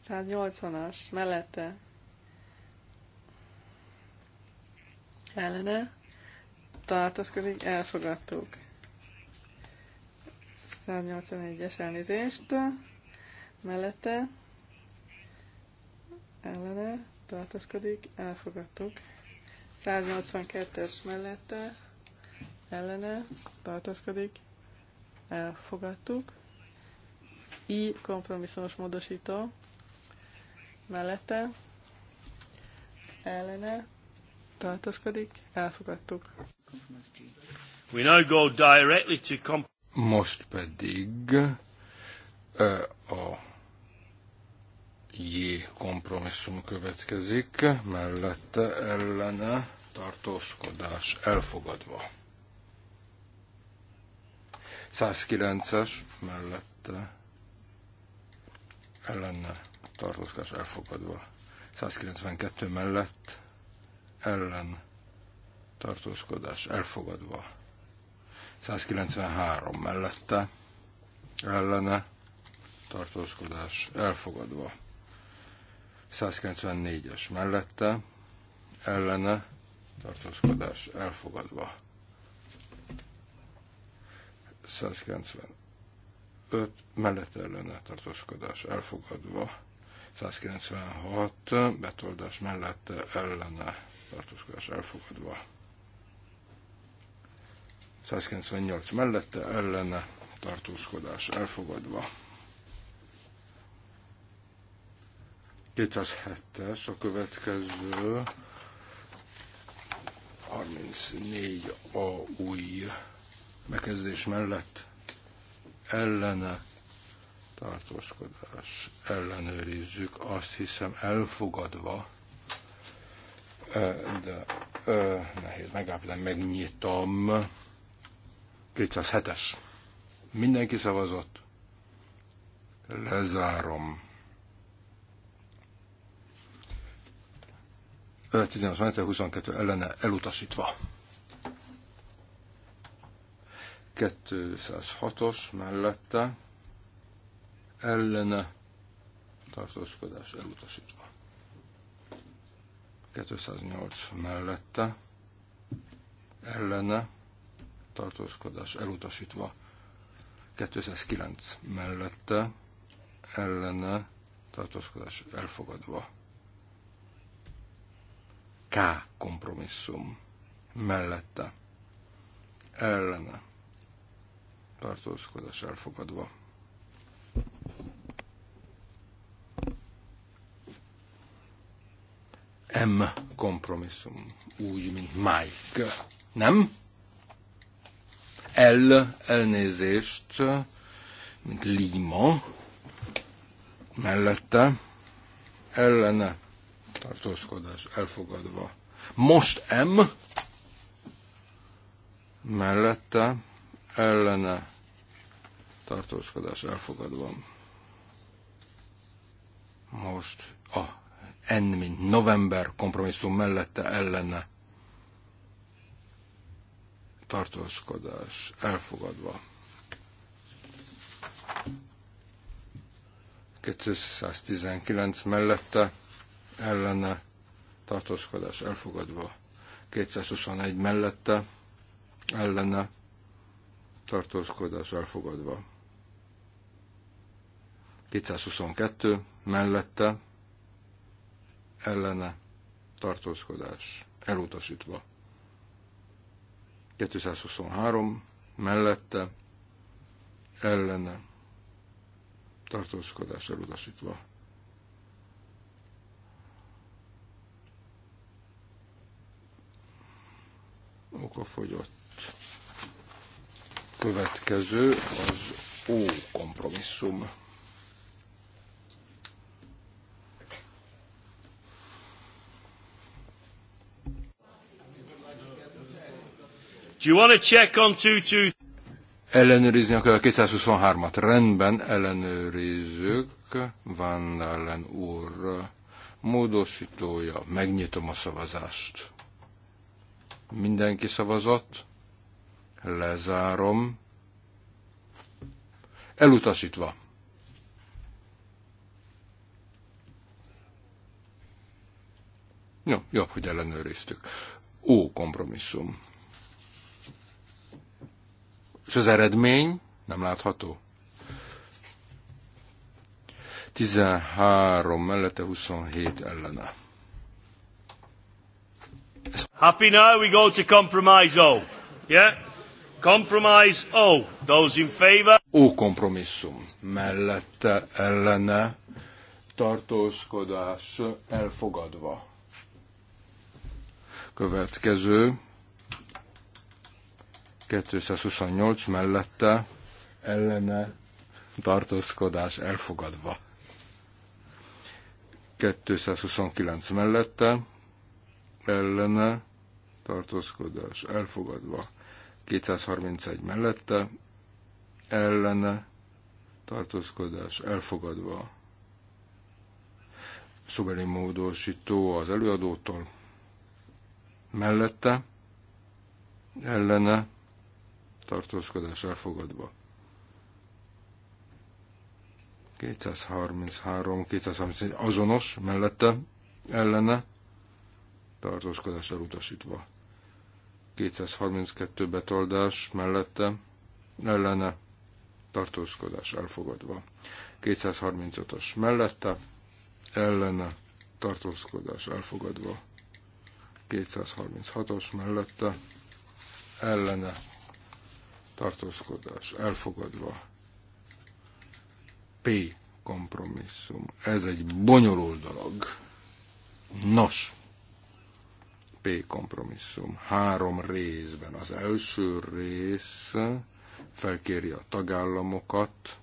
180-as mellette. Ellene. Tartózkodik, elfogadtuk. 181-es elnézést. Mellette. Ellene. Tartózkodik, elfogadtuk. 182-es mellette ellene tartózkodik, elfogadtuk. I kompromisszumos módosító mellette ellene tartózkodik, elfogadtuk. We now go directly to comp- Most pedig uh, a J kompromisszum következik, mellette ellene tartózkodás elfogadva. 109-es mellette ellenne tartózkodás elfogadva. 192 mellett ellen tartózkodás elfogadva. 193 mellette ellene tartózkodás elfogadva. 194-es mellette ellene tartózkodás elfogadva. 195 mellett ellene tartózkodás elfogadva, 196 betoldás mellette ellene tartózkodás elfogadva, 198 mellette ellene tartózkodás elfogadva. 207-es a következő 34 a új bekezdés mellett ellene tartózkodás ellenőrizzük, azt hiszem elfogadva, de nehéz megállapítani, megnyitom. 207-es. Mindenki szavazott. Lezárom. 15 22 ellene elutasítva. 206-os mellette ellene tartózkodás elutasítva. 208 mellette ellene tartózkodás elutasítva. 209 mellette ellene tartózkodás elfogadva. K kompromisszum mellette ellene tartózkodás elfogadva. M kompromisszum, úgy, mint Mike. Nem? L elnézést, mint Lima, mellette, ellene tartózkodás elfogadva. Most M mellette ellene tartózkodás elfogadva. Most a N, mint november kompromisszum mellette ellene tartózkodás elfogadva. 219 mellette ellene tartózkodás elfogadva. 221 mellette ellene tartózkodás elfogadva. 222 mellette ellene tartózkodás elutasítva. 223 mellette ellene tartózkodás elutasítva. Oka Következő az O kompromisszum. Do you want to check on two two? Ellenőrizni akar a 223-at. Rendben, ellenőrizzük. Van ellen úr módosítója. Megnyitom a szavazást. Mindenki szavazott. Lezárom. Elutasítva. Jó, jobb, hogy ellenőriztük. Ó, kompromisszum. És az eredmény nem látható. 13 mellette 27 ellene. Happy now we go to compromise zone. Yeah? Compromise Oh, Those in favor. O kompromisszum. Mellette ellene tartózkodás elfogadva. Következő 228 mellette ellene tartózkodás elfogadva. 229 mellette ellene tartózkodás elfogadva. 231 mellette, ellene tartózkodás elfogadva. Szobeli módosító az előadótól mellette, ellene tartózkodás elfogadva. 233, 231 azonos mellette, ellene tartózkodás elutasítva. 232 betoldás mellette ellene tartózkodás elfogadva. 235 as mellette ellene tartózkodás elfogadva. 236-os mellette ellene tartózkodás elfogadva. P kompromisszum. Ez egy bonyolult dolog. Nos, kompromisszum. Három részben. Az első rész felkéri a tagállamokat,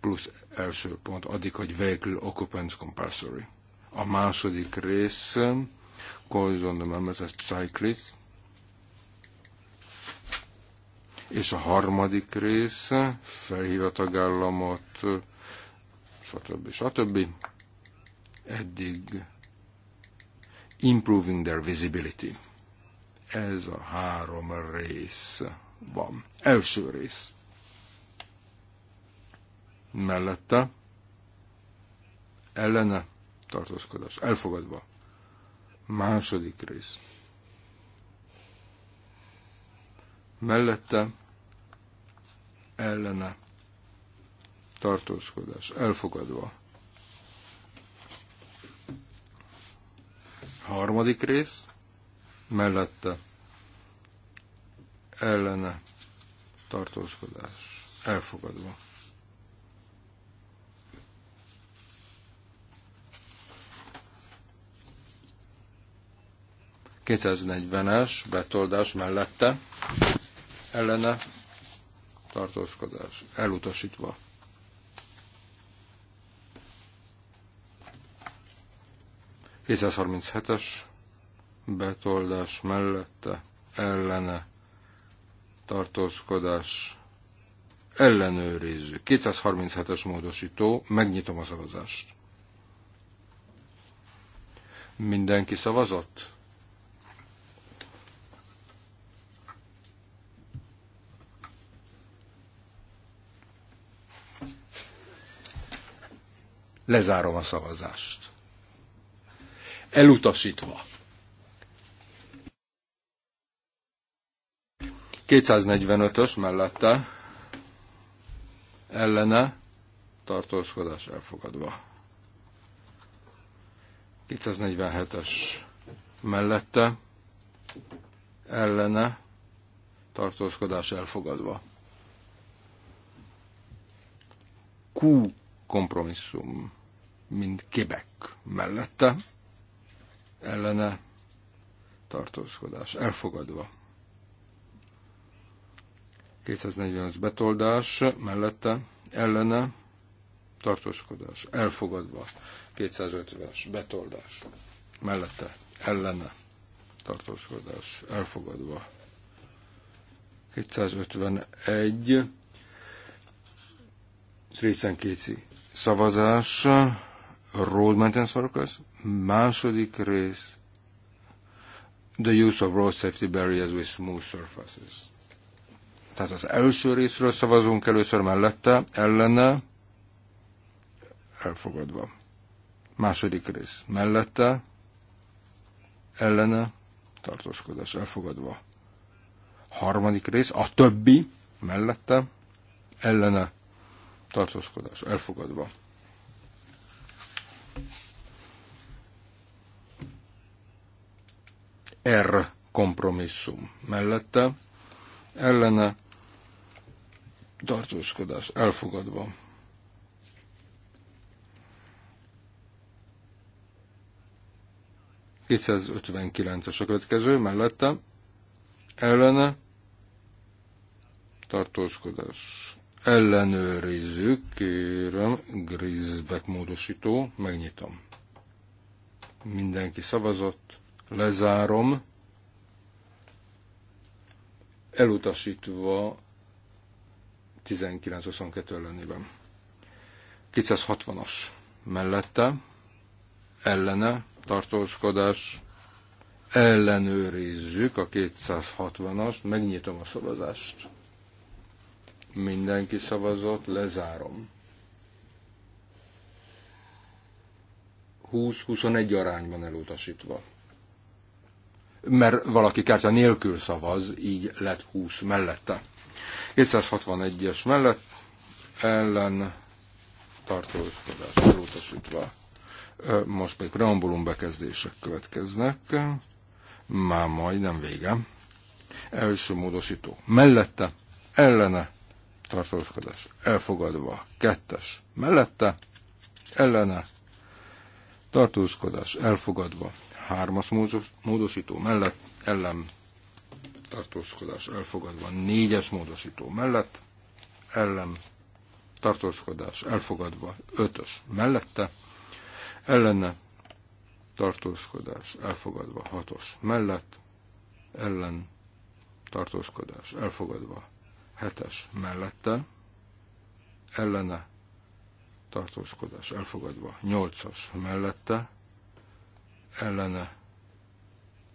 plusz első pont, addig, hogy vehicle occupants compulsory. A második rész, collision damage cyclist, és a harmadik rész, felhív a tagállamot, stb. stb. Eddig improving their visibility. Ez a három rész van. Első rész. Mellette ellene tartózkodás. Elfogadva. Második rész. Mellette ellene tartózkodás. Elfogadva Harmadik rész, mellette ellene tartózkodás elfogadva. es betoldás mellette ellene tartózkodás elutasítva. 237-es betoldás mellette ellene tartózkodás ellenőrizzük. 237-es módosító, megnyitom a szavazást. Mindenki szavazott? Lezárom a szavazást elutasítva. 245-ös mellette ellene tartózkodás elfogadva. 247-es mellette ellene tartózkodás elfogadva. Q kompromisszum, mint Quebec mellette ellene tartózkodás elfogadva. 248 betoldás mellette ellene tartózkodás elfogadva. 250-es betoldás mellette ellene tartózkodás elfogadva. 251 részenkéci szavazás Road Maintenance Workers Második rész, the use of road safety barriers with smooth surfaces. Tehát az első részről szavazunk először mellette, ellene, elfogadva. Második rész, mellette, ellene, tartózkodás elfogadva. Harmadik rész, a többi, mellette, ellene, tartózkodás elfogadva. R kompromisszum mellette, ellene tartózkodás elfogadva. es a következő, mellette ellene tartózkodás. Ellenőrizzük, kérem, Grisbeck módosító, megnyitom. Mindenki szavazott. Lezárom. Elutasítva 1922 ellenében. 260-as mellette, ellene, tartózkodás, ellenőrizzük a 260-ast, megnyitom a szavazást. Mindenki szavazott, lezárom. 20-21 arányban elutasítva mert valaki kártya nélkül szavaz, így lett 20 mellette. 261-es mellett ellen tartózkodás elutasítva. Most még preambulum bekezdések következnek. Már majdnem vége. Első módosító mellette, ellene tartózkodás elfogadva. Kettes mellette, ellene tartózkodás elfogadva Hármas módosító mellett ellen tartózkodás elfogadva. Négyes módosító mellett ellen tartózkodás elfogadva. Ötös mellette ellenne tartózkodás elfogadva. Hatos mellett ellen tartózkodás elfogadva. Hetes mellette ellene tartózkodás elfogadva. Nyolcas mellette ellene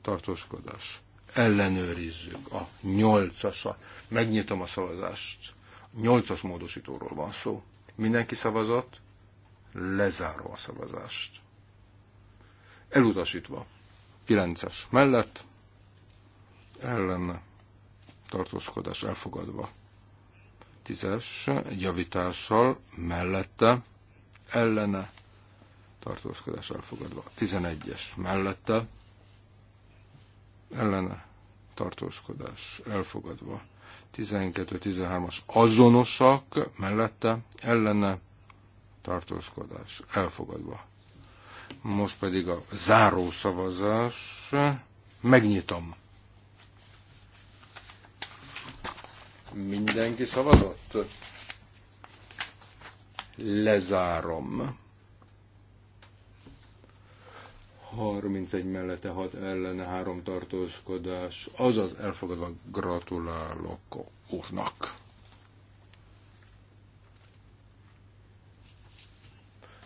tartózkodás. Ellenőrizzük a nyolcasat. Megnyitom a szavazást. Nyolcas módosítóról van szó. Mindenki szavazott, lezárva a szavazást. Elutasítva. kilences mellett, ellene tartózkodás elfogadva. tízes javítással mellette, ellene tartózkodás elfogadva. 11-es mellette ellene tartózkodás elfogadva. 12-13-as azonosak mellette ellene tartózkodás elfogadva. Most pedig a záró szavazás. Megnyitom. Mindenki szavazott? Lezárom. 31 mellette 6 ellene 3 tartózkodás, azaz elfogadva gratulálok úrnak.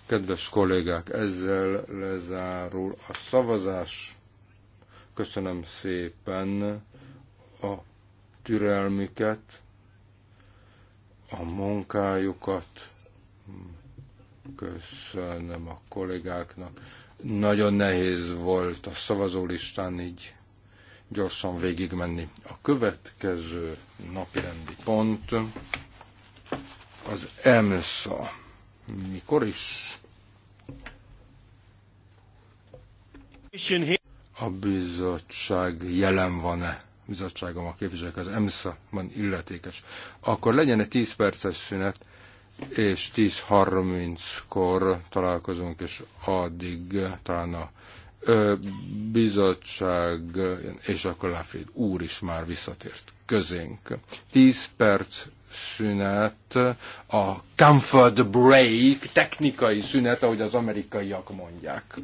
Kedves kollégák, ezzel lezárul a szavazás. Köszönöm szépen a türelmüket, a munkájukat. Köszönöm a kollégáknak nagyon nehéz volt a szavazólistán így gyorsan végigmenni. A következő napirendi pont az EMSZA. Mikor is? A bizottság jelen van-e? Bizottságom a képviselők, az EMSZA van illetékes. Akkor legyen egy 10 perces szünet, és 10.30-kor találkozunk, és addig talán a ö, bizottság, és akkor Lafrid úr is már visszatért közénk. 10 perc szünet, a comfort break, technikai szünet, ahogy az amerikaiak mondják.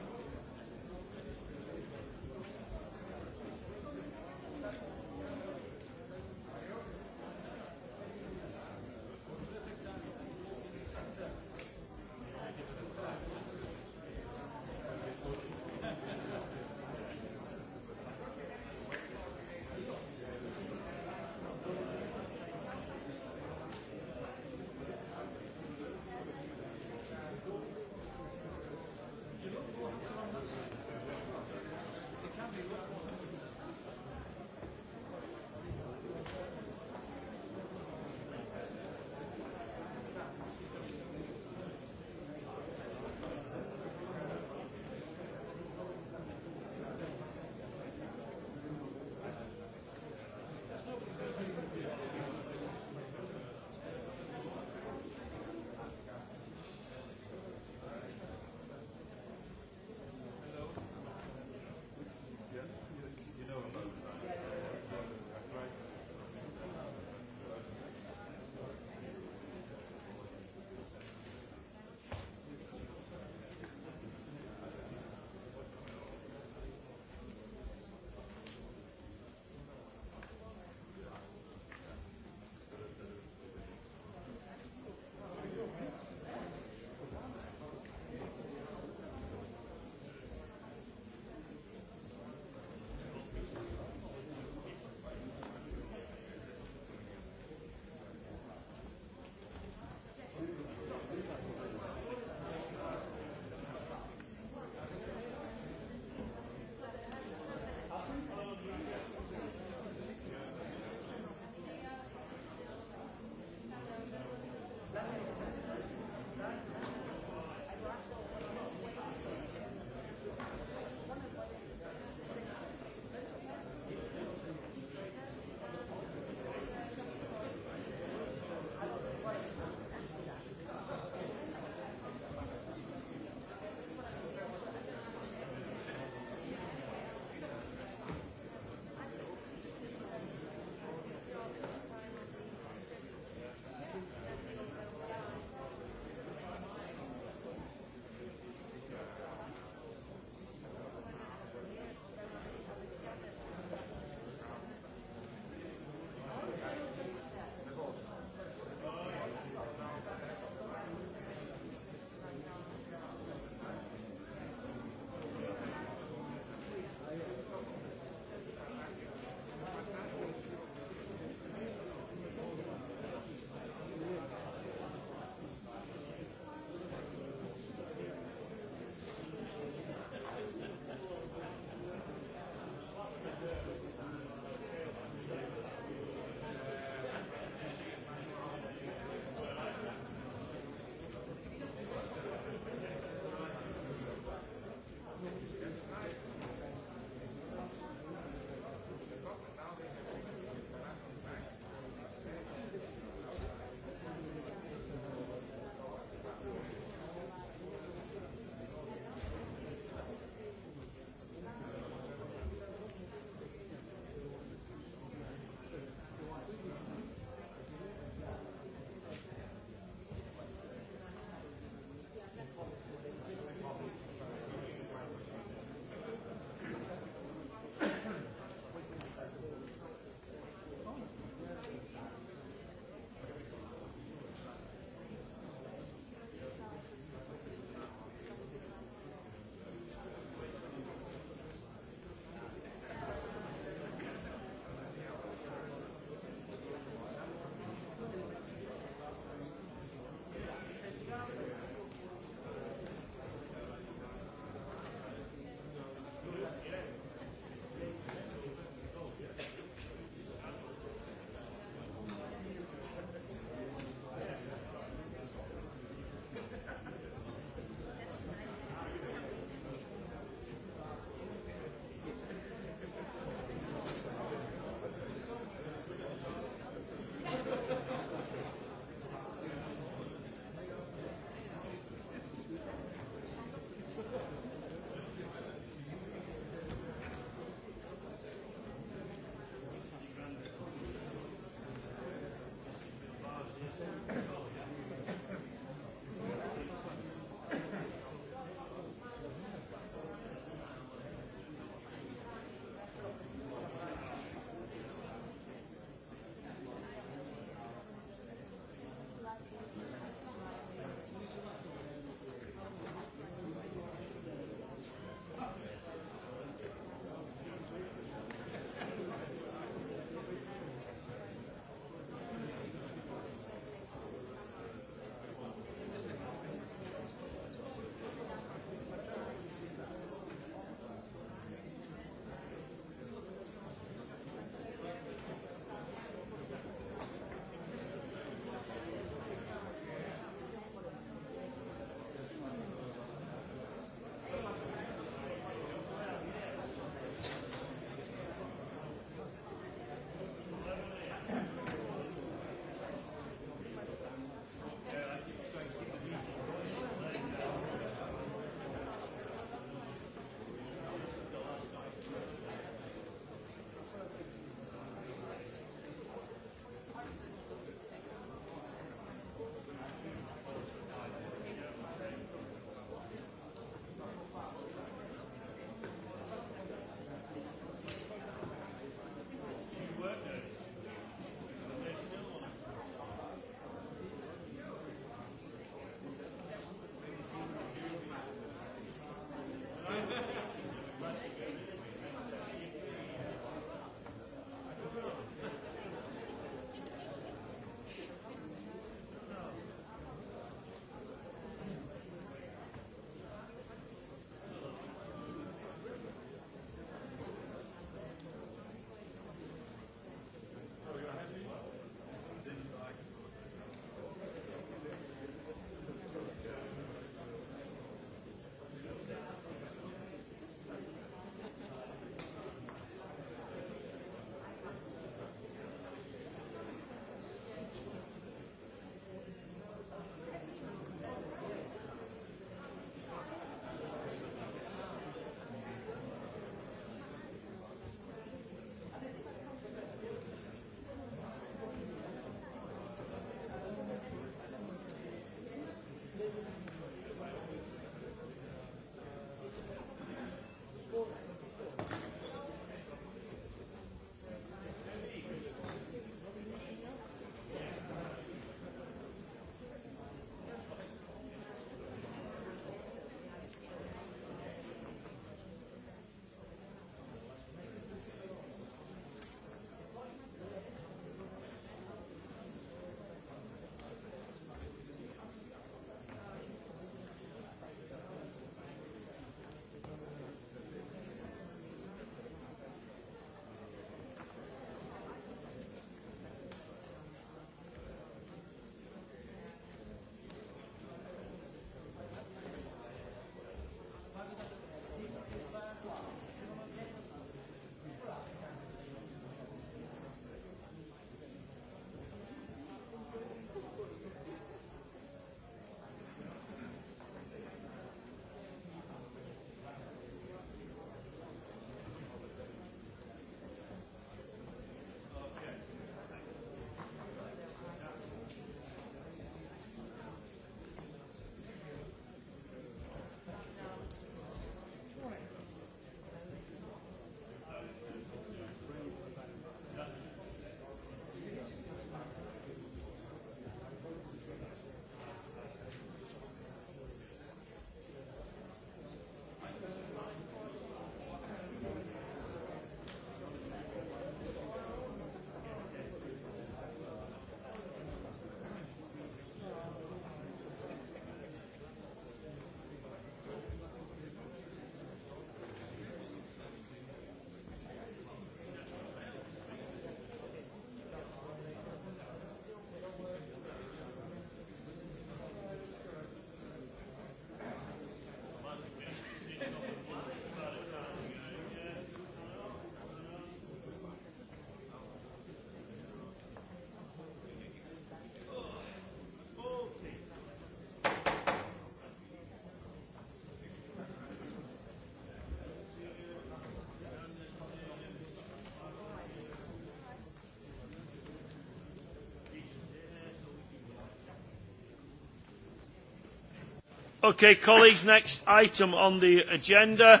Okay, colleagues, next item on the agenda.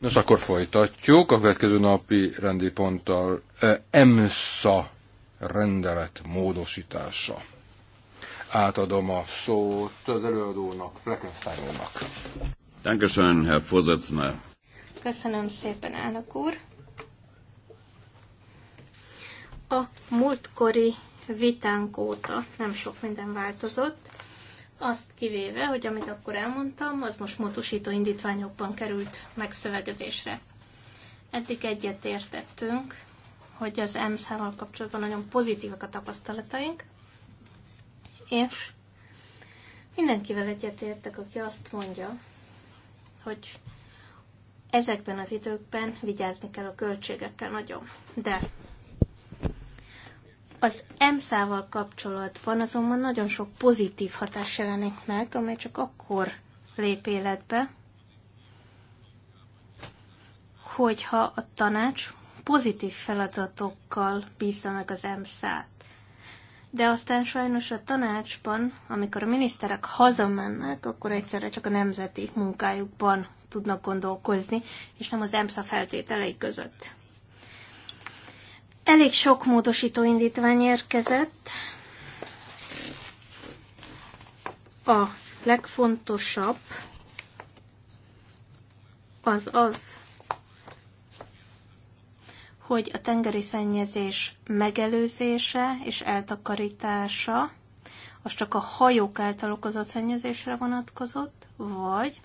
Nos, akkor folytatjuk a következő napi rendi ponttal eh, EMSA rendelet módosítása. Átadom a szót az előadónak, Fleckenstein úrnak. Dankeschön, Herr Vorsitzender. Köszönöm szépen, elnök úr. A múltkori vitánk óta nem sok minden változott, azt kivéve, hogy amit akkor elmondtam, az most motosító indítványokban került megszövegezésre. Eddig egyet értettünk, hogy az EMSZ-val kapcsolatban nagyon pozitívak a tapasztalataink, és mindenkivel egyetértek, aki azt mondja, hogy ezekben az időkben vigyázni kell a költségekkel nagyon. De az EMSZ-val kapcsolatban azonban nagyon sok pozitív hatás jelenik meg, amely csak akkor lép életbe, hogyha a tanács pozitív feladatokkal bízza meg az EMSZ-t. De aztán sajnos a tanácsban, amikor a miniszterek hazamennek, akkor egyszerre csak a nemzeti munkájukban tudnak gondolkozni, és nem az EMSZA feltételei között. Elég sok módosító indítvány érkezett. A legfontosabb az az, hogy a tengeri szennyezés megelőzése és eltakarítása az csak a hajók által okozott szennyezésre vonatkozott, vagy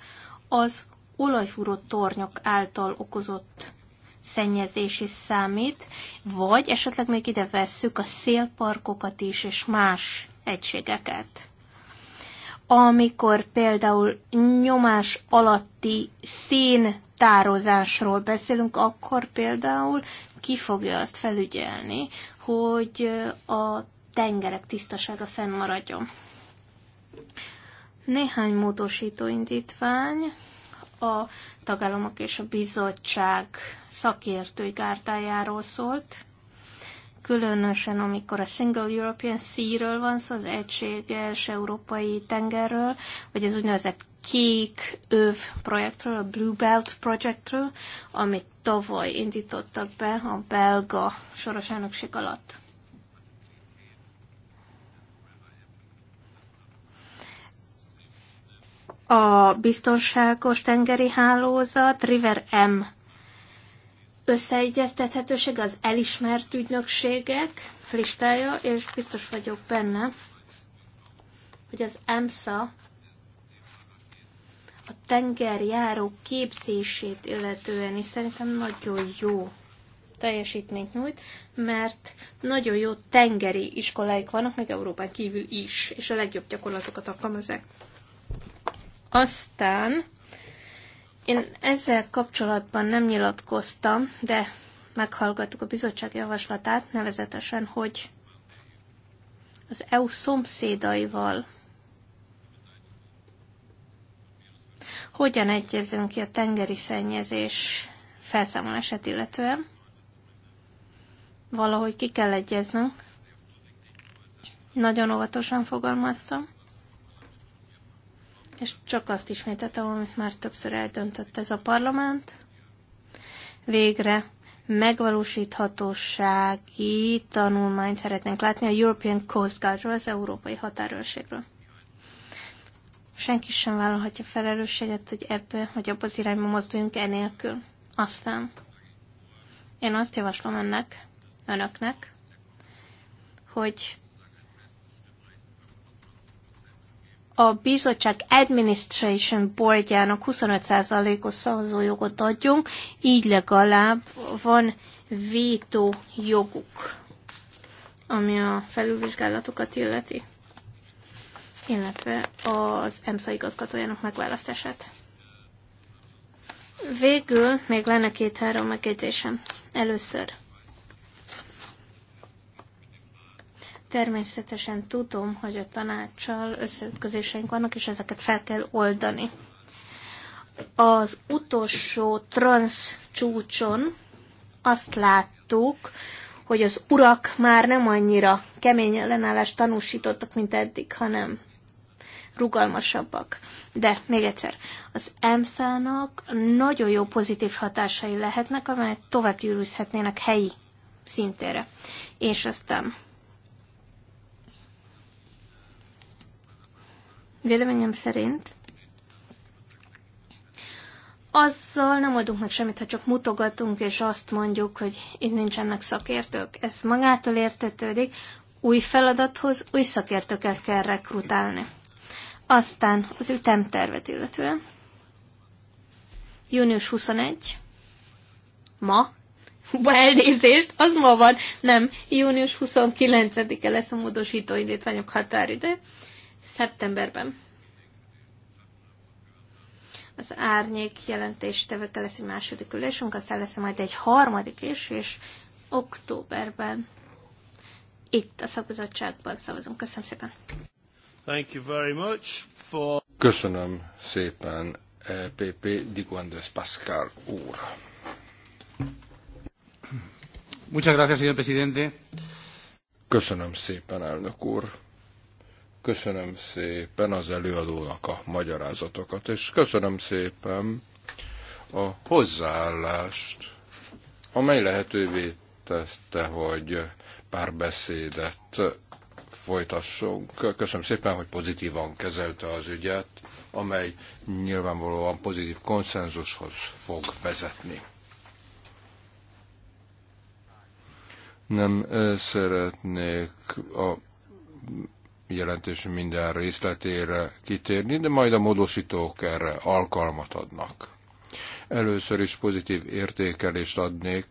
az olajfúró tornyok által okozott szennyezés is számít, vagy esetleg még ide vesszük a szélparkokat is, és más egységeket. Amikor például nyomás alatti széntározásról beszélünk, akkor például ki fogja azt felügyelni, hogy a tengerek tisztasága fennmaradjon. Néhány módosító indítvány a tagállamok és a bizottság szakértői kártájáról szólt, különösen amikor a Single European Sea-ről van szó, az egységes európai tengerről, vagy az úgynevezett kék öv projektről, a Blue Belt projektről, amit tavaly indítottak be a belga soros elnökség alatt. a biztonságos tengeri hálózat, River M összeegyeztethetőség, az elismert ügynökségek listája, és biztos vagyok benne, hogy az EMSA a tengerjáró képzését illetően is szerintem nagyon jó teljesítményt nyújt, mert nagyon jó tengeri iskoláik vannak, meg Európán kívül is, és a legjobb gyakorlatokat alkalmazzák. Aztán én ezzel kapcsolatban nem nyilatkoztam, de meghallgattuk a bizottság javaslatát, nevezetesen, hogy az EU szomszédaival hogyan egyezünk ki a tengeri szennyezés felszámolását illetően. Valahogy ki kell egyeznünk. Nagyon óvatosan fogalmaztam és csak azt ismételtem, amit már többször eldöntött ez a parlament. Végre megvalósíthatósági tanulmányt szeretnénk látni a European Coast Guardról, az európai határőrségről. Senki sem vállalhatja felelősséget, hogy ebbe vagy abba az irányba mozduljunk enélkül. Aztán én azt javaslom önnek, önöknek, hogy a bizottság Administration Boardjának 25%-os szavazójogot adjunk, így legalább van vétó joguk, ami a felülvizsgálatokat illeti, illetve az EMSZA igazgatójának megválasztását. Végül még lenne két-három megjegyzésem. Először Természetesen tudom, hogy a tanácssal összeütközéseink vannak, és ezeket fel kell oldani. Az utolsó transz csúcson azt láttuk, hogy az urak már nem annyira kemény ellenállást tanúsítottak, mint eddig, hanem rugalmasabbak. De még egyszer, az EMSZ-nak nagyon jó pozitív hatásai lehetnek, amelyek tovább gyűrűzhetnének helyi szintére. És aztán Véleményem szerint azzal nem adunk meg semmit, ha csak mutogatunk, és azt mondjuk, hogy itt nincsenek szakértők. Ez magától értetődik, új feladathoz új szakértőket kell rekrutálni. Aztán az ütemtervet illetően. Június 21. Ma. Elnézést, az ma van. Nem, június 29-e lesz a módosító indítványok határideje szeptemberben. Az árnyék jelentéstevőke lesz egy második ülésünk, aztán lesz majd egy harmadik is, és októberben itt a szakbizottságban szavazunk. Köszönöm szépen! Thank you very much for... Köszönöm szépen, e PP Diguandes Pascal úr. Muchas gracias, señor presidente. Köszönöm szépen, elnök úr. Köszönöm szépen az előadónak a magyarázatokat, és köszönöm szépen a hozzáállást, amely lehetővé tette, hogy párbeszédet folytassunk. Köszönöm szépen, hogy pozitívan kezelte az ügyet, amely nyilvánvalóan pozitív konszenzushoz fog vezetni. Nem szeretnék a jelentés minden részletére kitérni, de majd a módosítók erre alkalmat adnak. Először is pozitív értékelést adnék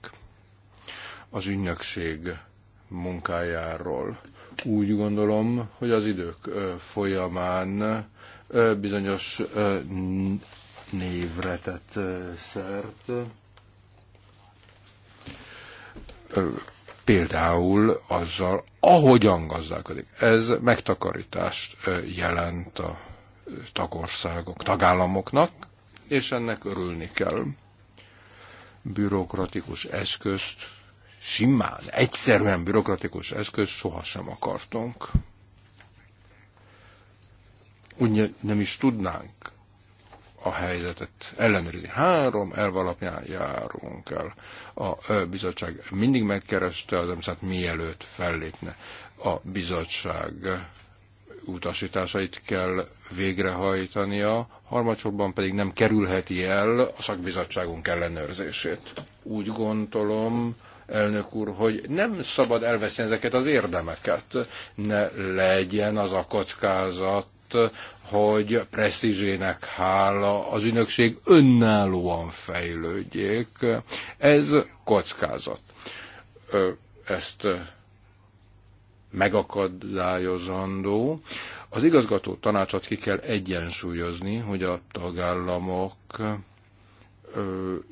az ügynökség munkájáról. Úgy gondolom, hogy az idők folyamán bizonyos névre tett szert például azzal, ahogyan gazdálkodik. Ez megtakarítást jelent a tagországok, tagállamoknak, és ennek örülni kell. Bürokratikus eszközt, simán, egyszerűen bürokratikus eszközt sohasem akartunk. Úgy nem is tudnánk a helyzetet ellenőrizni. Három elv alapján járunk el. A bizottság mindig megkereste az emszát, mielőtt fellépne. A bizottság utasításait kell végrehajtania, harmadsorban pedig nem kerülheti el a szakbizottságunk ellenőrzését. Úgy gondolom, elnök úr, hogy nem szabad elveszni ezeket az érdemeket. Ne legyen az a kockázat, hogy presztízsének hála az ünökség önállóan fejlődjék. Ez kockázat. Ezt megakadályozandó. Az igazgató tanácsot ki kell egyensúlyozni, hogy a tagállamok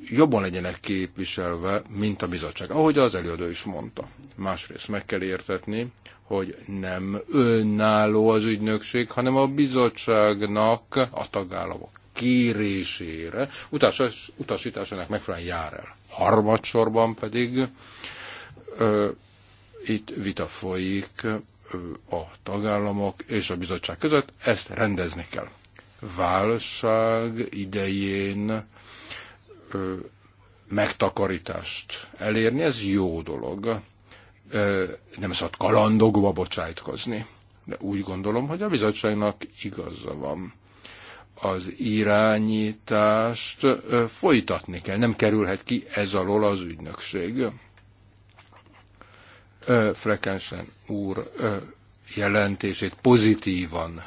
jobban legyenek képviselve, mint a bizottság. Ahogy az előadó is mondta. Másrészt meg kell értetni, hogy nem önálló az ügynökség, hanem a bizottságnak a tagállamok kérésére, Utasítás utasításának megfelelően jár el. Harmadsorban pedig ö, itt vita folyik a tagállamok és a bizottság között, ezt rendezni kell. Válság idején megtakarítást elérni, ez jó dolog. Nem szabad kalandogva bocsájtkozni. De úgy gondolom, hogy a bizottságnak igaza van. Az irányítást folytatni kell, nem kerülhet ki ez alól az ügynökség. Frekensen úr jelentését pozitívan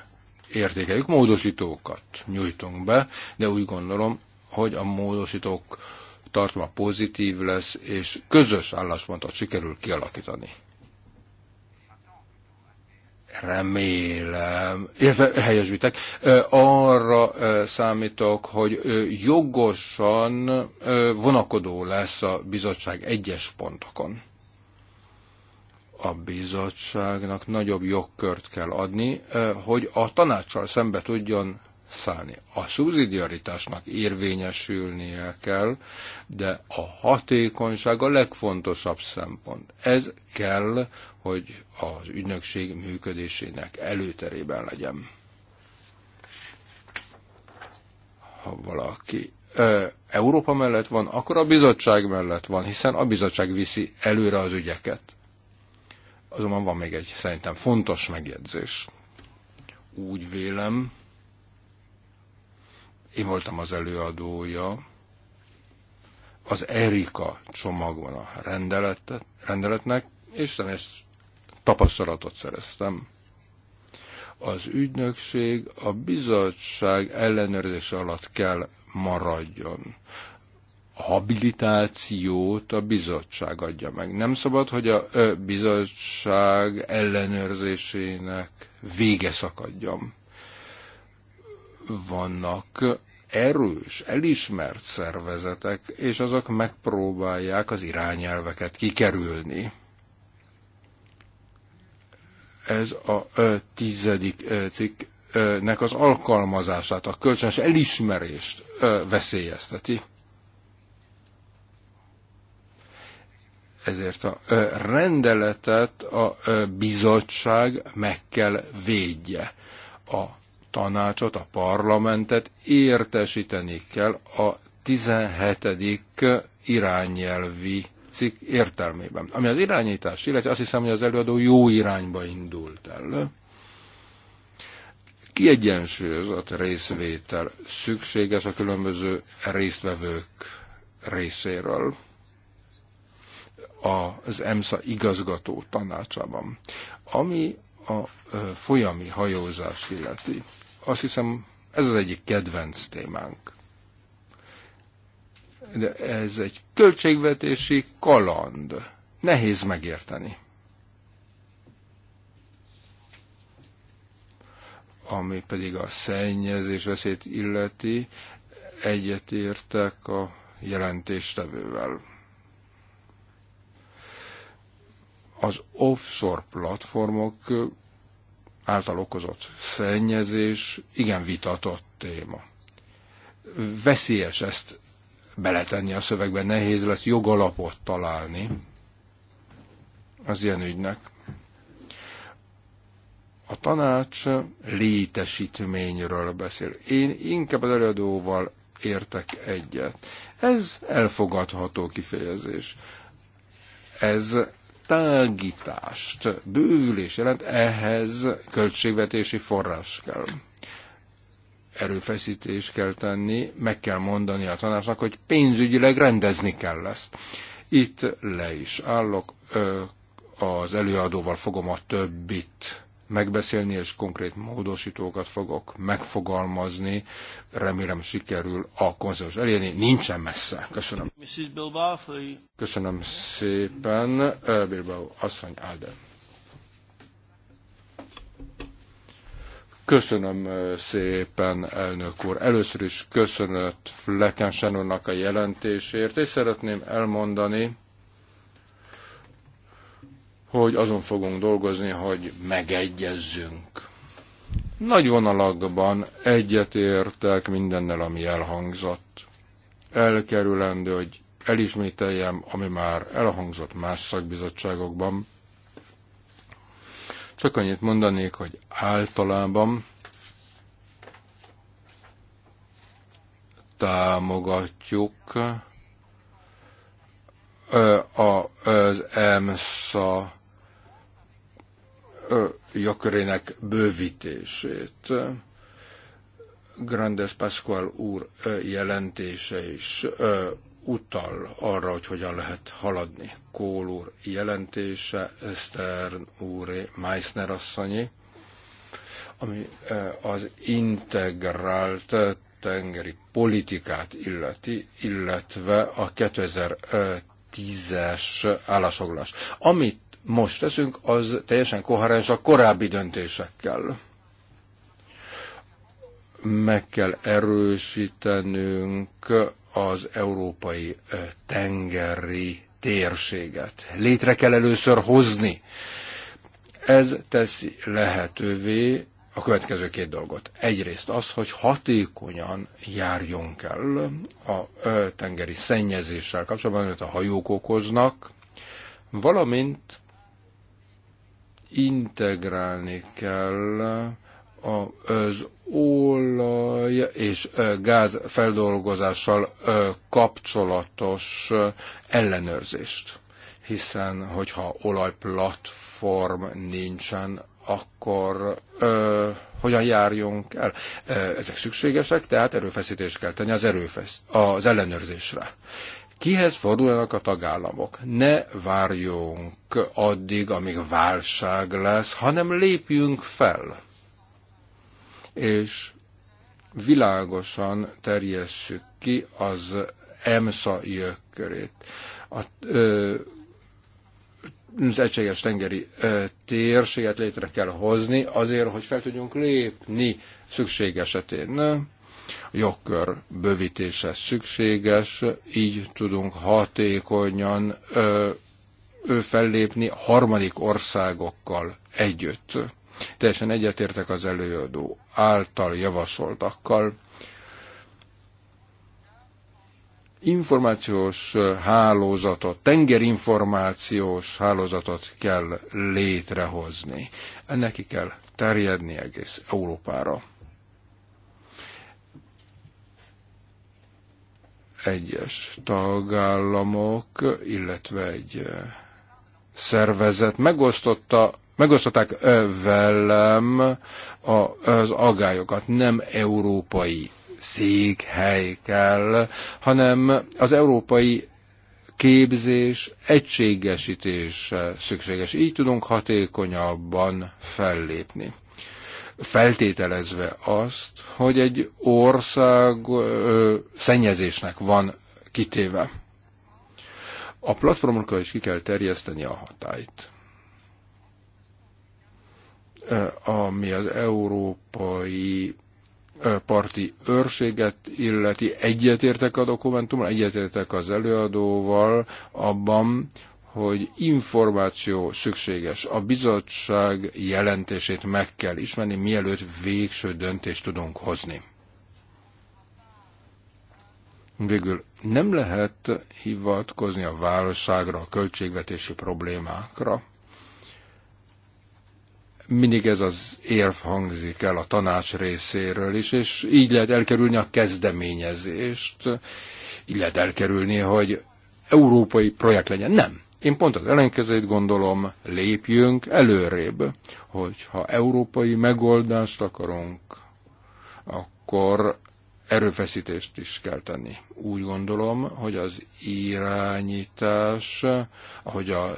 értékeljük, módosítókat nyújtunk be, de úgy gondolom hogy a módosítók tartma pozitív lesz, és közös álláspontot sikerül kialakítani. Remélem, illetve helyesbitek, arra számítok, hogy jogosan vonakodó lesz a bizottság egyes pontokon a bizottságnak nagyobb jogkört kell adni, hogy a tanácssal szembe tudjon szállni. A szubszidiaritásnak érvényesülnie kell, de a hatékonyság a legfontosabb szempont. Ez kell, hogy az ügynökség működésének előterében legyen. Ha valaki Európa mellett van, akkor a bizottság mellett van, hiszen a bizottság viszi előre az ügyeket. Azonban van még egy szerintem fontos megjegyzés. Úgy vélem, én voltam az előadója. Az Erika csomagban a rendeletet, rendeletnek, és személyes tapasztalatot szereztem. Az ügynökség a bizottság ellenőrzése alatt kell maradjon. A habilitációt a bizottság adja meg. Nem szabad, hogy a bizottság ellenőrzésének vége szakadjon vannak erős, elismert szervezetek, és azok megpróbálják az irányelveket kikerülni. Ez a ö, tizedik ö, cikknek az alkalmazását, a kölcsönös elismerést ö, veszélyezteti. Ezért a ö, rendeletet a ö, bizottság meg kell védje. A tanácsot, a parlamentet értesíteni kell a 17. irányelvi cikk értelmében. Ami az irányítás, illetve azt hiszem, hogy az előadó jó irányba indult el. Kiegyensúlyozott részvétel szükséges a különböző résztvevők részéről az EMSZA igazgató tanácsában, ami a folyami hajózás illeti. Azt hiszem, ez az egyik kedvenc témánk. De ez egy költségvetési kaland. Nehéz megérteni. Ami pedig a szennyezés veszélyt illeti, egyetértek a jelentéstevővel. az offshore platformok által okozott szennyezés igen vitatott téma. Veszélyes ezt beletenni a szövegbe, nehéz lesz jogalapot találni az ilyen ügynek. A tanács létesítményről beszél. Én inkább az előadóval értek egyet. Ez elfogadható kifejezés. Ez tágítást, bővülés jelent, ehhez költségvetési forrás kell. Erőfeszítés kell tenni, meg kell mondani a tanácsnak, hogy pénzügyileg rendezni kell ezt. Itt le is állok, az előadóval fogom a többit megbeszélni, és konkrét módosítókat fogok megfogalmazni. Remélem sikerül a konzervus elérni. Nincsen messze. Köszönöm. Köszönöm szépen. Bilbao asszony Áde. Köszönöm szépen, elnök úr. Először is köszönöm Flecken a jelentésért, és szeretném elmondani, hogy azon fogunk dolgozni, hogy megegyezzünk. Nagy vonalakban egyetértek mindennel, ami elhangzott. Elkerülendő, hogy elismételjem, ami már elhangzott más szakbizottságokban. Csak annyit mondanék, hogy általában támogatjuk az EMSZA jogkörének bővítését. Grandes Pascual úr jelentése is utal arra, hogy hogyan lehet haladni. Kól úr jelentése, Stern úré, Meissner asszonyi, ami az integrált tengeri politikát illeti, illetve a 2010-es állásoglás. Amit most teszünk, az teljesen koherens a korábbi döntésekkel. Meg kell erősítenünk az európai eh, tengeri térséget. Létre kell először hozni. Ez teszi lehetővé a következő két dolgot. Egyrészt az, hogy hatékonyan járjunk el a eh, tengeri szennyezéssel kapcsolatban, amit a hajók okoznak, valamint integrálni kell az olaj és gáz feldolgozással kapcsolatos ellenőrzést. Hiszen, hogyha olajplatform nincsen, akkor ö, hogyan járjunk el? Ezek szükségesek, tehát erőfeszítést kell tenni az, erőfesz, az ellenőrzésre kihez fordulnak a tagállamok. Ne várjunk addig, amíg válság lesz, hanem lépjünk fel. És világosan terjesszük ki az EMSA jökkörét. A, ö, az egységes tengeri ö, térséget létre kell hozni azért, hogy fel tudjunk lépni szükség esetén jogkör bővítése szükséges, így tudunk hatékonyan ö, ő fellépni harmadik országokkal együtt. Teljesen egyetértek az előadó által javasoltakkal. Információs hálózatot, tengerinformációs hálózatot kell létrehozni. Ennek kell terjedni egész Európára. egyes tagállamok, illetve egy szervezet megosztotta, megosztották velem az agályokat. Nem európai székhely kell, hanem az európai képzés egységesítése szükséges. Így tudunk hatékonyabban fellépni feltételezve azt, hogy egy ország ö, szennyezésnek van kitéve. A platformokkal is ki kell terjeszteni a hatályt. Ami az európai parti őrséget illeti, egyetértek a dokumentummal, egyetértek az előadóval abban, hogy információ szükséges. A bizottság jelentését meg kell ismerni, mielőtt végső döntést tudunk hozni. Végül nem lehet hivatkozni a válságra, a költségvetési problémákra. Mindig ez az érv hangzik el a tanács részéről is, és így lehet elkerülni a kezdeményezést, így lehet elkerülni, hogy európai projekt legyen. Nem. Én pont az ellenkezőjét gondolom, lépjünk előrébb, hogyha európai megoldást akarunk, akkor erőfeszítést is kell tenni. Úgy gondolom, hogy az irányítás, ahogy a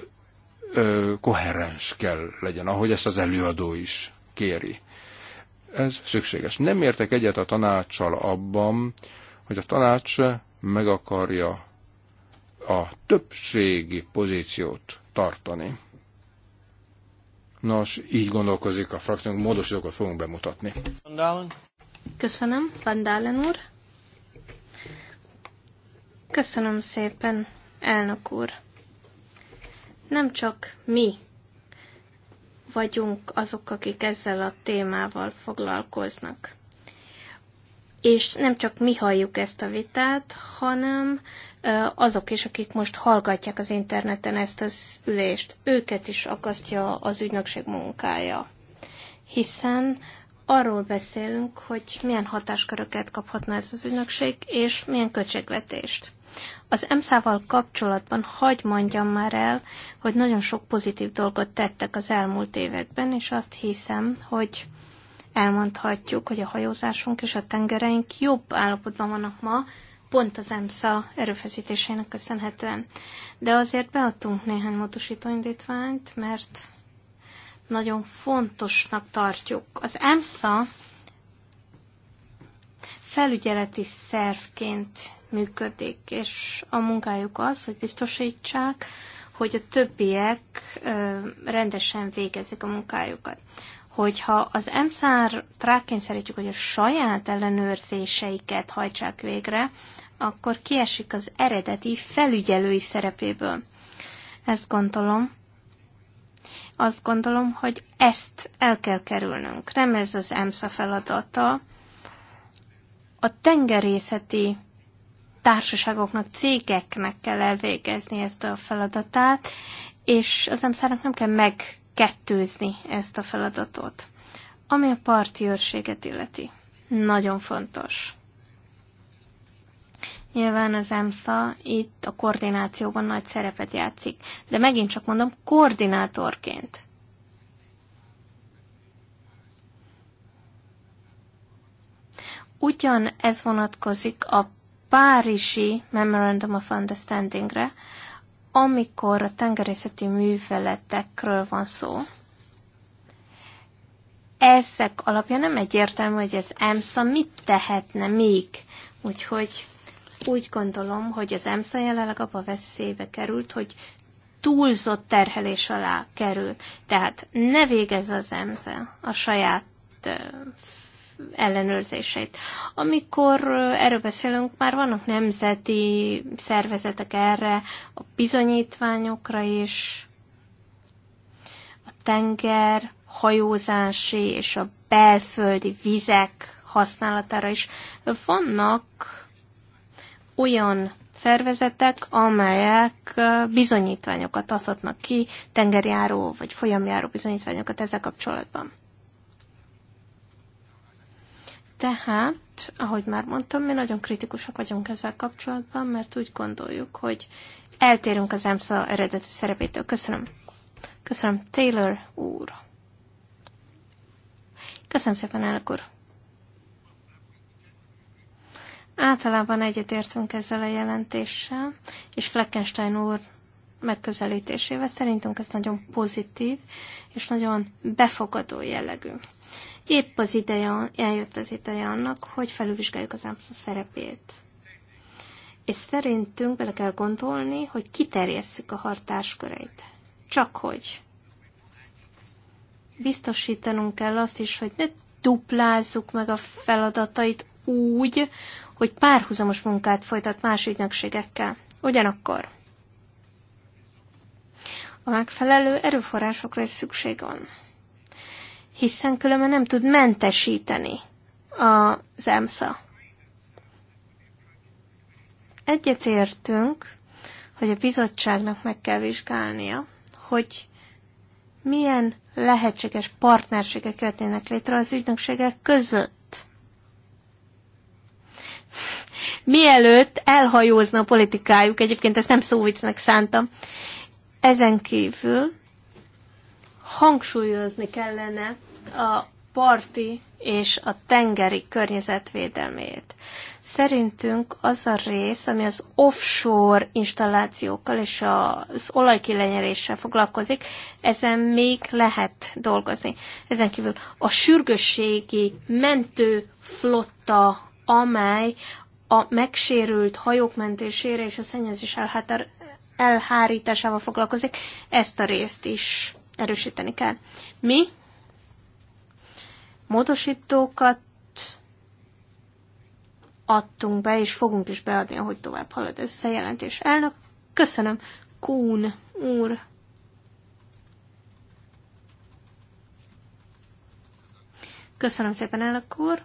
ö, koherens kell legyen, ahogy ezt az előadó is kéri. Ez szükséges. Nem értek egyet a tanácssal abban, hogy a tanács meg akarja a többségi pozíciót tartani. Nos, így gondolkozik a frakciónk, módosítókat fogunk bemutatni. Köszönöm, Van Dalen úr. Köszönöm szépen, elnök úr. Nem csak mi vagyunk azok, akik ezzel a témával foglalkoznak. És nem csak mi halljuk ezt a vitát, hanem azok is, akik most hallgatják az interneten ezt az ülést, őket is akasztja az ügynökség munkája. Hiszen arról beszélünk, hogy milyen hatásköröket kaphatna ez az ügynökség, és milyen költségvetést. Az EMSZ-val kapcsolatban hagy mondjam már el, hogy nagyon sok pozitív dolgot tettek az elmúlt években, és azt hiszem, hogy elmondhatjuk, hogy a hajózásunk és a tengereink jobb állapotban vannak ma, pont az EMSZA erőfeszítésének köszönhetően. De azért beadtunk néhány indítványt, mert nagyon fontosnak tartjuk. Az EMSZA felügyeleti szervként működik, és a munkájuk az, hogy biztosítsák, hogy a többiek rendesen végezik a munkájukat hogyha az EMSZ-ra rákényszerítjük, hogy a saját ellenőrzéseiket hajtsák végre, akkor kiesik az eredeti felügyelői szerepéből. Ezt gondolom. Azt gondolom, hogy ezt el kell kerülnünk. Nem ez az EMSZA feladata. A tengerészeti társaságoknak, cégeknek kell elvégezni ezt a feladatát, és az emszának nem kell meg kettőzni ezt a feladatot. Ami a parti őrséget illeti, nagyon fontos. Nyilván az EMSZA itt a koordinációban nagy szerepet játszik, de megint csak mondom, koordinátorként. Ugyan ez vonatkozik a Párizsi Memorandum of Understandingre, amikor a tengerészeti műveletekről van szó, ezek alapján nem egyértelmű, hogy az EMSZA mit tehetne még. Úgyhogy úgy gondolom, hogy az EMSZA jelenleg abba veszélybe került, hogy túlzott terhelés alá kerül. Tehát ne végez az EMSZA a saját ellenőrzését. Amikor erről beszélünk, már vannak nemzeti szervezetek erre, a bizonyítványokra is, a tenger, hajózási és a belföldi vizek használatára is. Vannak olyan szervezetek, amelyek bizonyítványokat adhatnak ki, tengerjáró vagy folyamjáró bizonyítványokat ezzel kapcsolatban. Tehát, ahogy már mondtam, mi nagyon kritikusak vagyunk ezzel kapcsolatban, mert úgy gondoljuk, hogy eltérünk az EMSZA eredeti szerepétől. Köszönöm. Köszönöm, Taylor úr. Köszönöm szépen, elnök úr. Általában egyetértünk ezzel a jelentéssel, és Fleckenstein úr megközelítésével szerintünk ez nagyon pozitív és nagyon befogadó jellegű. Épp az ideje, eljött az ideje annak, hogy felülvizsgáljuk az AMSZA szerepét. És szerintünk bele kell gondolni, hogy kiterjesszük a hartásköreit. Csak hogy biztosítanunk kell azt is, hogy ne duplázzuk meg a feladatait úgy, hogy párhuzamos munkát folytat más ügynökségekkel. Ugyanakkor a megfelelő erőforrásokra is szükség van hiszen különben nem tud mentesíteni az EMSA. Egyetértünk, hogy a bizottságnak meg kell vizsgálnia, hogy milyen lehetséges partnerségek jöttének létre az ügynökségek között. Mielőtt elhajózna a politikájuk, egyébként ezt nem szóvicnek szántam, ezen kívül hangsúlyozni kellene a parti és a tengeri környezetvédelmét. Szerintünk az a rész, ami az offshore installációkkal és az olajkilenyeléssel foglalkozik, ezen még lehet dolgozni. Ezen kívül a sürgősségi mentő flotta, amely a megsérült hajók mentésére és a szennyezés elhárításával foglalkozik, ezt a részt is erősíteni kell. Mi módosítókat adtunk be, és fogunk is beadni, ahogy tovább halad ez a feljelentés. Elnök, köszönöm, Kún úr. Köszönöm szépen, elnök úr.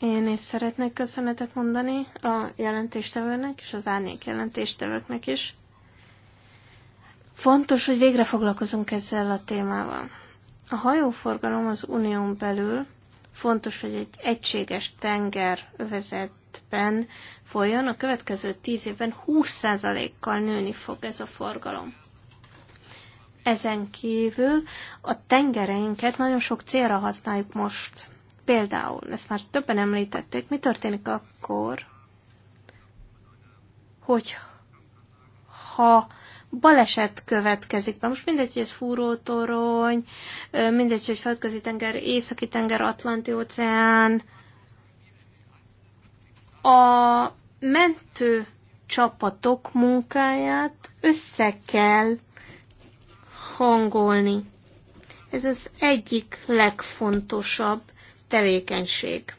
Én is szeretnék köszönetet mondani a jelentéstevőnek és az árnyék jelentéstevőknek is. Fontos, hogy végre foglalkozunk ezzel a témával. A hajóforgalom az unión belül fontos, hogy egy egységes övezetben folyjon. A következő tíz évben 20%-kal nőni fog ez a forgalom. Ezen kívül a tengereinket nagyon sok célra használjuk most. Például, ezt már többen említették, mi történik akkor, hogy ha baleset következik be. Most mindegy, hogy ez fúrótorony, mindegy, hogy földközi tenger, északi tenger, atlanti óceán. A mentő csapatok munkáját össze kell hangolni. Ez az egyik legfontosabb tevékenység.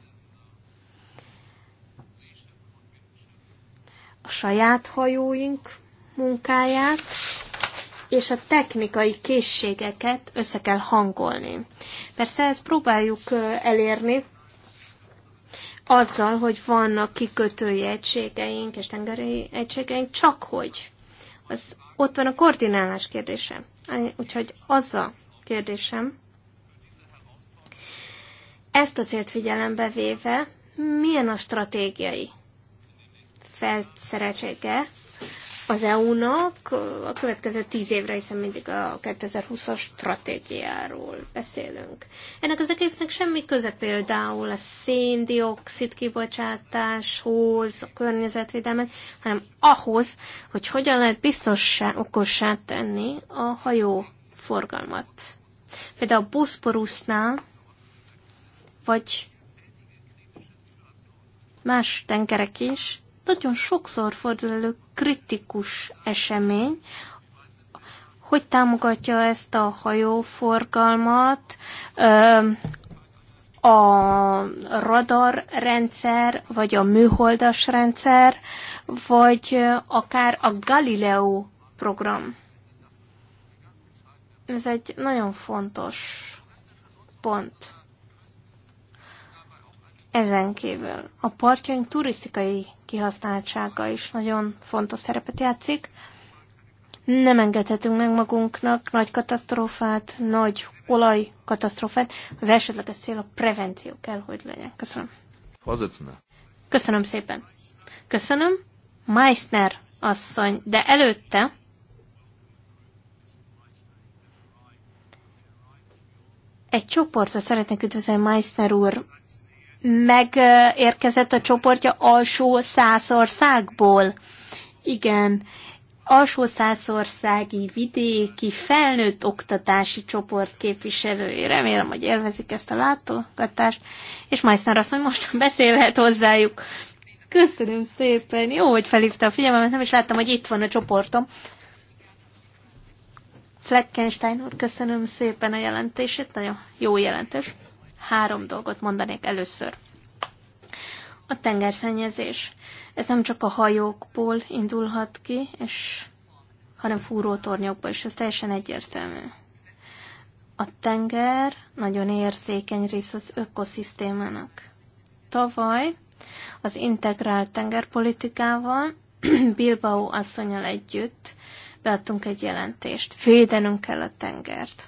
A saját hajóink munkáját és a technikai készségeket össze kell hangolni. Persze ezt próbáljuk elérni azzal, hogy vannak kikötői egységeink és tengeri egységeink, csak hogy az, ott van a koordinálás kérdése. Úgyhogy az a kérdésem, ezt a célt figyelembe véve, milyen a stratégiai felszereltsége az EU-nak a következő tíz évre, hiszen mindig a 2020-as stratégiáról beszélünk. Ennek az egésznek semmi köze például a széndiokszid kibocsátáshoz, a környezetvédelmet, hanem ahhoz, hogy hogyan lehet biztossá, okossá tenni a hajó forgalmat. Például a buszporusznál, vagy más tengerek is, nagyon sokszor fordul elő kritikus esemény, hogy támogatja ezt a hajóforgalmat, a radar rendszer vagy a műholdas rendszer, vagy akár a Galileo program. Ez egy nagyon fontos pont. Ezen kívül a partjaink turisztikai kihasználtsága is nagyon fontos szerepet játszik. Nem engedhetünk meg magunknak nagy katasztrófát, nagy olajkatasztrófát. Az elsődleges cél a prevenció kell, hogy legyen. Köszönöm. Hazicne. Köszönöm szépen. Köszönöm. Meissner asszony, de előtte egy csoportot szeretnék üdvözölni Meissner úr megérkezett a csoportja alsó százországból. Igen, alsó százországi vidéki felnőtt oktatási csoport képviselői. Remélem, hogy élvezik ezt a látogatást, és Majszner azt mondja, most beszélhet hozzájuk. Köszönöm szépen, jó, hogy felhívta a figyelmemet, nem is láttam, hogy itt van a csoportom. Fleckenstein úr, köszönöm szépen a jelentését, nagyon jó jelentés. Három dolgot mondanék először. A tengerszennyezés. Ez nem csak a hajókból indulhat ki, és, hanem fúrótornyokból, és ez teljesen egyértelmű. A tenger nagyon érzékeny rész az ökoszisztémának. Tavaly az integrált tengerpolitikával Bilbao asszonyal együtt beadtunk egy jelentést. Védenünk kell a tengert.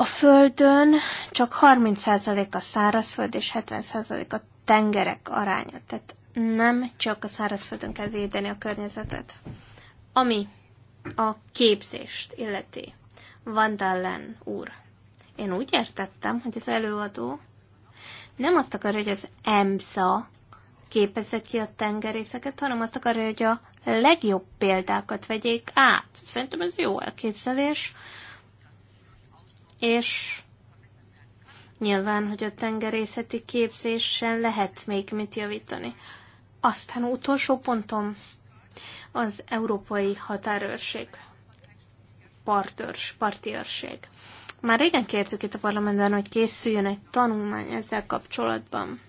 A Földön csak 30% a szárazföld és 70% a tengerek aránya. Tehát nem csak a szárazföldön kell védeni a környezetet. Ami a képzést illeti, Vandalen úr. Én úgy értettem, hogy az előadó nem azt akarja, hogy az EMSA képezze ki a tengerészeket, hanem azt akarja, hogy a legjobb példákat vegyék át. Szerintem ez jó elképzelés és nyilván, hogy a tengerészeti képzésen lehet még mit javítani. Aztán utolsó pontom az európai határőrség, partőrs, parti őrség. Már régen kértük itt a parlamentben, hogy készüljön egy tanulmány ezzel kapcsolatban.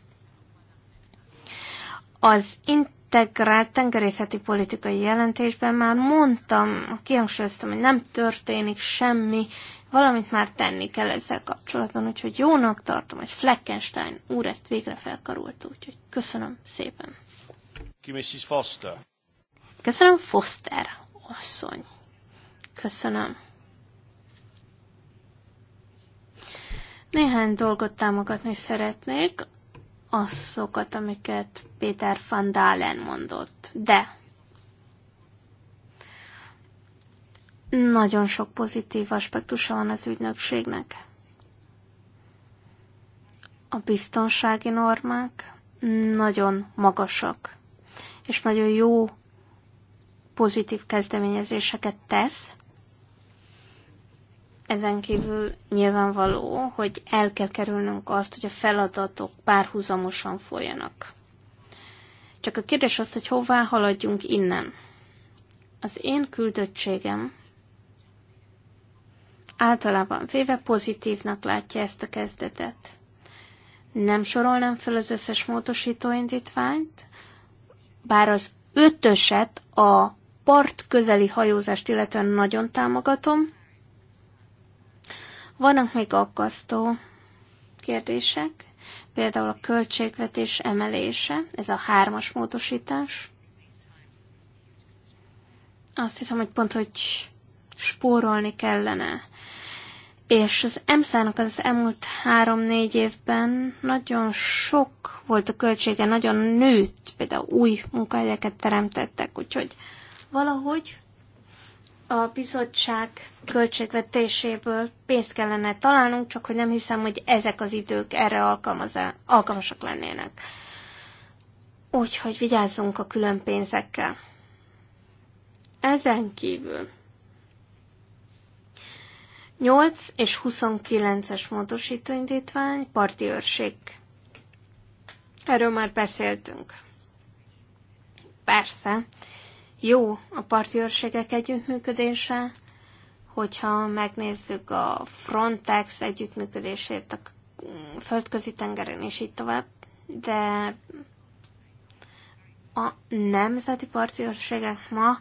Az int integrált tengerészeti politikai jelentésben már mondtam, kihangsúlyoztam, hogy nem történik semmi, valamit már tenni kell ezzel kapcsolatban, úgyhogy jónak tartom, hogy Fleckenstein úr ezt végre felkarult, úgyhogy köszönöm szépen. Ki Mrs. Foster? Köszönöm, Foster asszony. Köszönöm. Néhány dolgot támogatni szeretnék azokat, amiket Péter van Dalen mondott. De nagyon sok pozitív aspektusa van az ügynökségnek. A biztonsági normák nagyon magasak, és nagyon jó pozitív kezdeményezéseket tesz, ezen kívül nyilvánvaló, hogy el kell kerülnünk azt, hogy a feladatok párhuzamosan folyanak. Csak a kérdés az, hogy hová haladjunk innen. Az én küldöttségem általában véve pozitívnak látja ezt a kezdetet. Nem sorolnám fel az összes módosító indítványt, bár az ötöset a part közeli hajózást illetően nagyon támogatom, vannak még aggasztó kérdések, például a költségvetés emelése, ez a hármas módosítás. Azt hiszem, hogy pont, hogy spórolni kellene. És az EMSZ-nak az elmúlt három-négy évben nagyon sok volt a költsége, nagyon nőtt, például új munkahelyeket teremtettek, úgyhogy valahogy a bizottság költségvetéséből pénzt kellene találnunk, csak hogy nem hiszem, hogy ezek az idők erre alkalmasak lennének. Úgyhogy vigyázzunk a külön pénzekkel. Ezen kívül 8 és 29-es módosítóindítvány, parti őrség. Erről már beszéltünk. Persze, jó a parti őrségek együttműködése, hogyha megnézzük a Frontex együttműködését a földközi tengeren és így tovább, de a nemzeti parti őrségek ma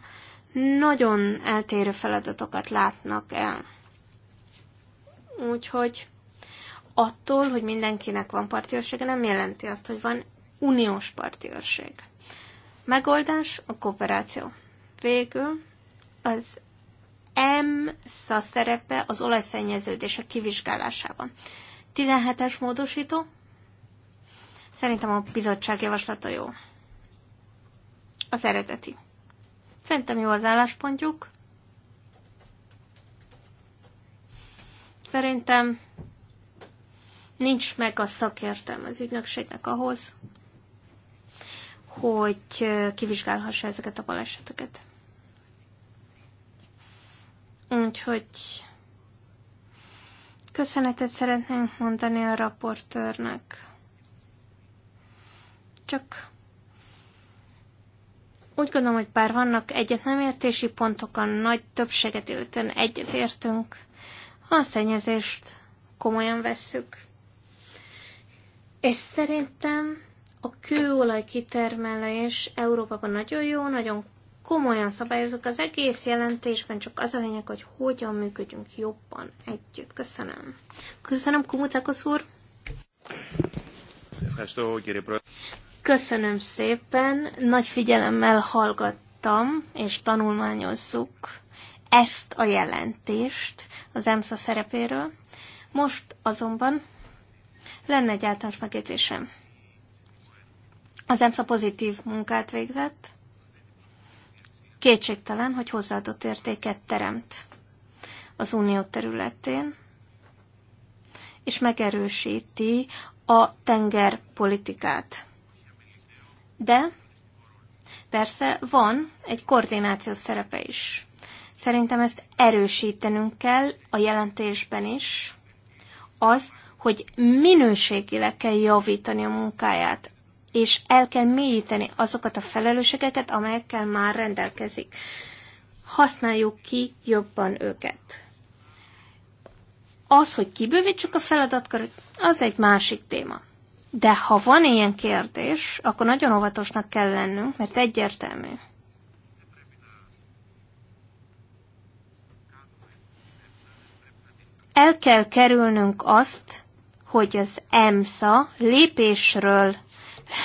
nagyon eltérő feladatokat látnak el. Úgyhogy attól, hogy mindenkinek van partiőrsége, nem jelenti azt, hogy van uniós partiőrség. Megoldás a kooperáció. Végül az M szerepe az olajszennyeződések kivizsgálásában. 17-es módosító. Szerintem a bizottság javaslata jó. Az eredeti. Szerintem jó az álláspontjuk. Szerintem nincs meg a szakértelme az ügynökségnek ahhoz, hogy kivizsgálhassa ezeket a baleseteket. Úgyhogy köszönetet szeretnénk mondani a raportőrnek. Csak úgy gondolom, hogy bár vannak egyet nem értési pontok, a nagy többséget illetően egyet értünk, a szennyezést komolyan vesszük. És szerintem a kőolaj kitermelés Európában nagyon jó, nagyon komolyan szabályozok az egész jelentésben, csak az a lényeg, hogy hogyan működjünk jobban együtt. Köszönöm. Köszönöm, Kumutakos úr. Köszönöm szépen, nagy figyelemmel hallgattam, és tanulmányozzuk ezt a jelentést az EMSZA szerepéről. Most azonban lenne egy általános megjegyzésem. Az EMSZA pozitív munkát végzett. Kétségtelen, hogy hozzáadott értéket teremt az unió területén, és megerősíti a tengerpolitikát. De persze van egy koordinációs szerepe is. Szerintem ezt erősítenünk kell a jelentésben is. Az, hogy minőségileg kell javítani a munkáját és el kell mélyíteni azokat a felelősségeket, amelyekkel már rendelkezik. Használjuk ki jobban őket. Az, hogy kibővítsük a feladatköröt, az egy másik téma. De ha van ilyen kérdés, akkor nagyon óvatosnak kell lennünk, mert egyértelmű. El kell kerülnünk azt, hogy az EMSA lépésről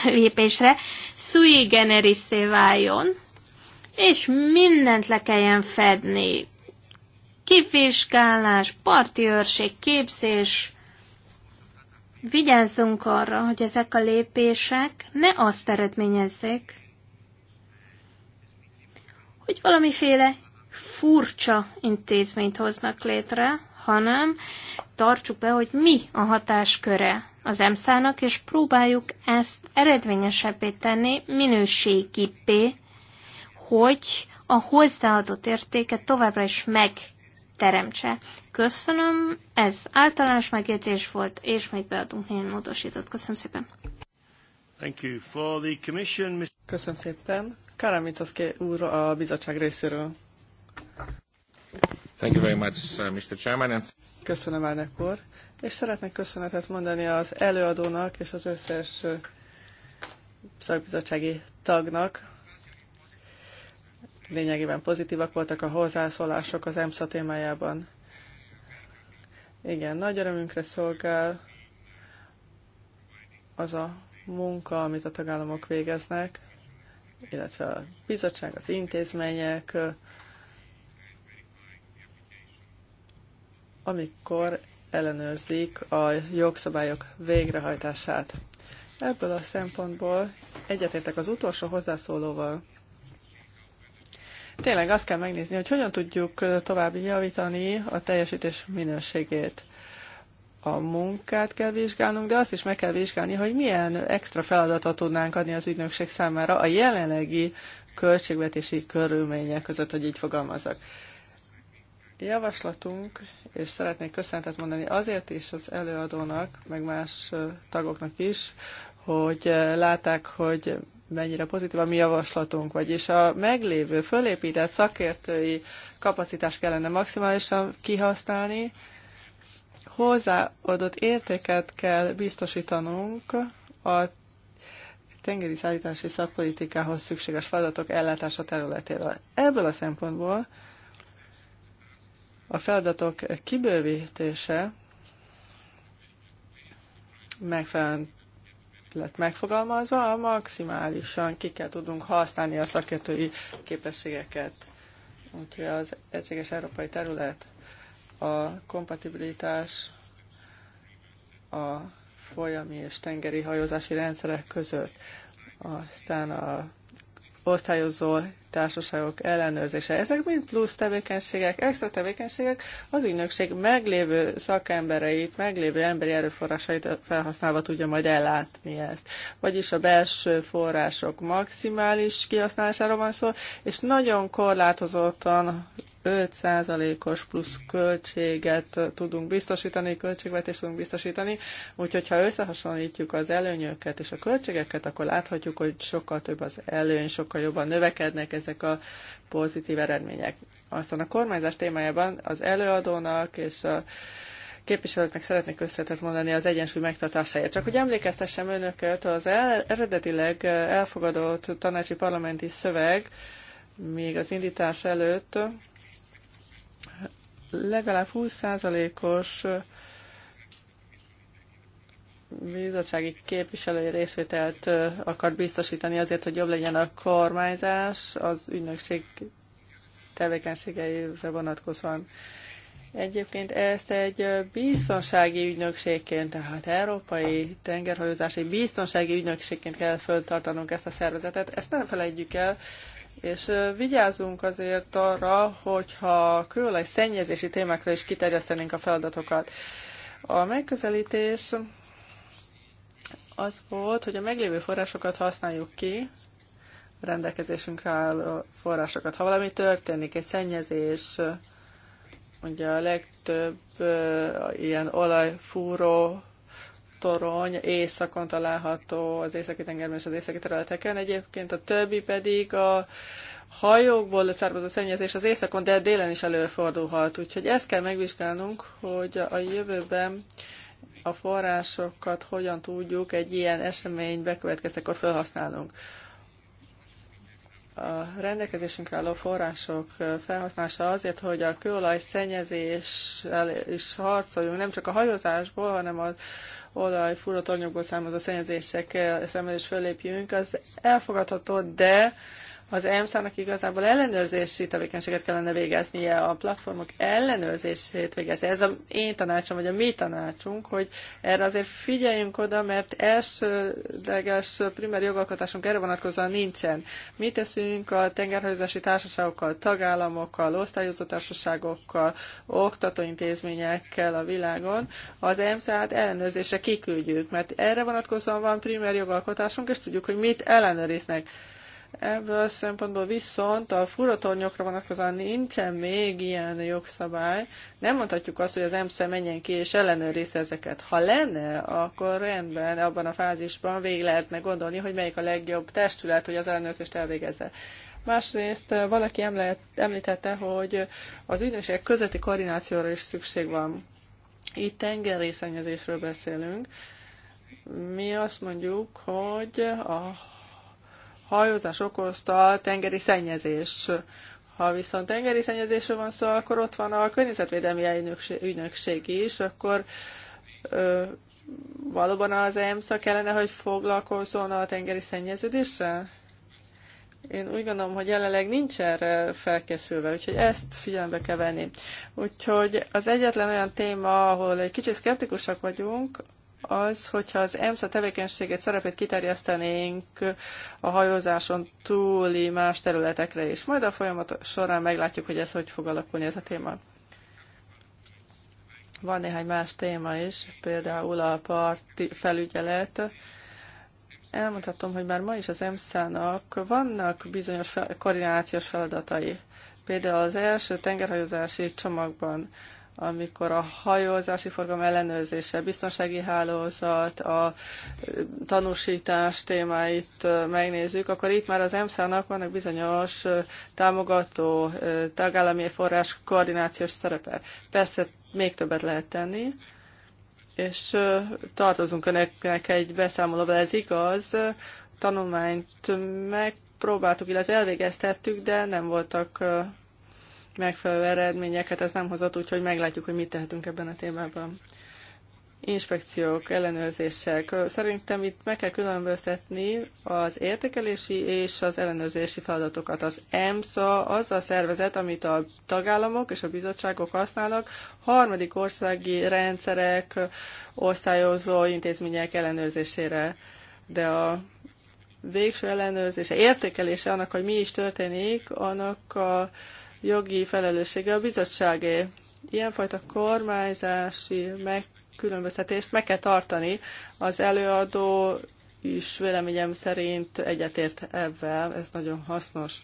lépésre sui generis váljon, és mindent le kelljen fedni. Kifiskálás, parti őrség, képzés. Vigyázzunk arra, hogy ezek a lépések ne azt eredményezzék, hogy valamiféle furcsa intézményt hoznak létre, hanem tartsuk be, hogy mi a hatásköre az EMSZ-nak, és próbáljuk ezt eredményesebbé tenni, minőségibbé, hogy a hozzáadott értéket továbbra is megteremtse. Köszönöm, ez általános megjegyzés volt, és még beadunk néhány módosított Köszönöm szépen. Thank you for the commission. Köszönöm szépen. Karamitoszki úr a bizottság részéről. Thank you very much, uh, Mr. Chairman. Köszönöm, elnök úr. És szeretnék köszönetet mondani az előadónak és az összes szakbizottsági tagnak. Lényegében pozitívak voltak a hozzászólások az EMSZA témájában. Igen, nagy örömünkre szolgál az a munka, amit a tagállamok végeznek, illetve a bizottság, az intézmények, amikor ellenőrzik a jogszabályok végrehajtását. Ebből a szempontból egyetértek az utolsó hozzászólóval. Tényleg azt kell megnézni, hogy hogyan tudjuk tovább javítani a teljesítés minőségét. A munkát kell vizsgálnunk, de azt is meg kell vizsgálni, hogy milyen extra feladatot tudnánk adni az ügynökség számára a jelenlegi költségvetési körülmények között, hogy így fogalmazok. Javaslatunk, és szeretnék köszöntet mondani azért is az előadónak, meg más tagoknak is, hogy látták, hogy mennyire pozitív a mi javaslatunk, vagyis a meglévő, fölépített szakértői kapacitást kellene maximálisan kihasználni, hozzáadott értéket kell biztosítanunk a tengeri szállítási szakpolitikához szükséges feladatok ellátása területéről. Ebből a szempontból a feladatok kibővítése megfelelően lett megfogalmazva, maximálisan ki kell tudnunk használni a szakértői képességeket. Úgyhogy az egységes európai terület, a kompatibilitás, a folyami és tengeri hajózási rendszerek között, aztán a osztályozó társaságok ellenőrzése. Ezek mind plusz tevékenységek, extra tevékenységek, az ügynökség meglévő szakembereit, meglévő emberi erőforrásait felhasználva tudja majd ellátni ezt. Vagyis a belső források maximális kihasználására van szó, és nagyon korlátozottan 5%-os plusz költséget tudunk biztosítani, költségvetést tudunk biztosítani, úgyhogy ha összehasonlítjuk az előnyöket és a költségeket, akkor láthatjuk, hogy sokkal több az előny, sokkal jobban növekednek ezek a pozitív eredmények. Aztán a kormányzás témájában az előadónak és a képviselőknek szeretnék összetett mondani az egyensúly megtartásáért. Csak hogy emlékeztessem önöket, az el, eredetileg elfogadott tanácsi parlamenti szöveg még az indítás előtt legalább 20%-os bizottsági képviselői részvételt akar biztosítani azért, hogy jobb legyen a kormányzás az ügynökség tevékenységeire vonatkozóan. Egyébként ezt egy biztonsági ügynökségként, tehát Európai Tengerhajózási Biztonsági Ügynökségként kell föltartanunk ezt a szervezetet. Ezt nem felejtjük el, és vigyázzunk azért arra, hogyha kőolaj szennyezési témákra is kiterjesztenénk a feladatokat. A megközelítés az volt, hogy a meglévő forrásokat használjuk ki, rendelkezésünkre álló forrásokat. Ha valami történik, egy szennyezés, ugye a legtöbb ilyen olajfúró torony északon található az északi tengerben és az északi területeken. Egyébként a többi pedig a hajókból származó szennyezés az északon, de délen is előfordulhat. Úgyhogy ezt kell megvizsgálnunk, hogy a jövőben a forrásokat hogyan tudjuk egy ilyen esemény bekövetkeztekor felhasználnunk. A rendelkezésünk álló források felhasználása azért, hogy a kőolaj szennyezéssel is harcoljunk, nem csak a hajózásból, hanem az olaj, anyagból származó szennyezések eh, szemben is fölépjünk, az elfogadható, de az EMSZ-nak igazából ellenőrzési tevékenységet kellene végeznie, a platformok ellenőrzését végezni. Ez a én tanácsom, vagy a mi tanácsunk, hogy erre azért figyeljünk oda, mert elsődleges primer jogalkotásunk erre vonatkozóan nincsen. Mi teszünk a tengerhajózási társaságokkal, tagállamokkal, osztályozó társaságokkal, oktatóintézményekkel a világon? Az emsz át ellenőrzésre kiküldjük, mert erre vonatkozóan van primer jogalkotásunk, és tudjuk, hogy mit ellenőriznek Ebből a szempontból viszont a furatornyokra vonatkozóan nincsen még ilyen jogszabály. Nem mondhatjuk azt, hogy az EMSZE menjen ki és ellenőrizze ezeket. Ha lenne, akkor rendben, abban a fázisban végig lehetne gondolni, hogy melyik a legjobb testület, hogy az ellenőrzést elvégezze. Másrészt eh, valaki említette, hogy az ügynökségek közötti koordinációra is szükség van. Itt tengerészanyezésről beszélünk. Mi azt mondjuk, hogy a hajózás okozta tengeri szennyezést. Ha viszont tengeri szennyezésről van szó, akkor ott van a környezetvédelmi ügynökség is, akkor ö, valóban az EMSZA kellene, hogy foglalkozzon a tengeri szennyeződéssel? Én úgy gondolom, hogy jelenleg nincs erre felkészülve, úgyhogy ezt figyelembe kell venni. Úgyhogy az egyetlen olyan téma, ahol egy kicsit szkeptikusak vagyunk, az, hogyha az EMSZA tevékenységét, szerepét kiterjesztenénk a hajózáson túli más területekre is. Majd a folyamat során meglátjuk, hogy ez hogy fog alakulni ez a téma. Van néhány más téma is, például a parti felügyelet. Elmondhatom, hogy már ma is az EMSZ-nak vannak bizonyos fel, koordinációs feladatai. Például az első tengerhajózási csomagban amikor a hajózási forgalom ellenőrzése, biztonsági hálózat, a tanúsítás témáit megnézzük, akkor itt már az EMSZ-nak vannak bizonyos támogató tagállami forrás koordinációs szerepe. Persze még többet lehet tenni, és tartozunk önöknek egy beszámolóba. ez igaz, tanulmányt megpróbáltuk, illetve elvégeztettük, de nem voltak megfelelő eredményeket ez nem hozott, úgyhogy meglátjuk, hogy mit tehetünk ebben a témában. Inspekciók, ellenőrzések. Szerintem itt meg kell különböztetni az értékelési és az ellenőrzési feladatokat. Az EMSA az a szervezet, amit a tagállamok és a bizottságok használnak, harmadik országi rendszerek, osztályozó intézmények ellenőrzésére. De a végső ellenőrzése, értékelése annak, hogy mi is történik, annak a jogi felelőssége a bizottságé. Ilyenfajta kormányzási megkülönböztetést meg kell tartani. Az előadó is véleményem szerint egyetért ebben, ez nagyon hasznos.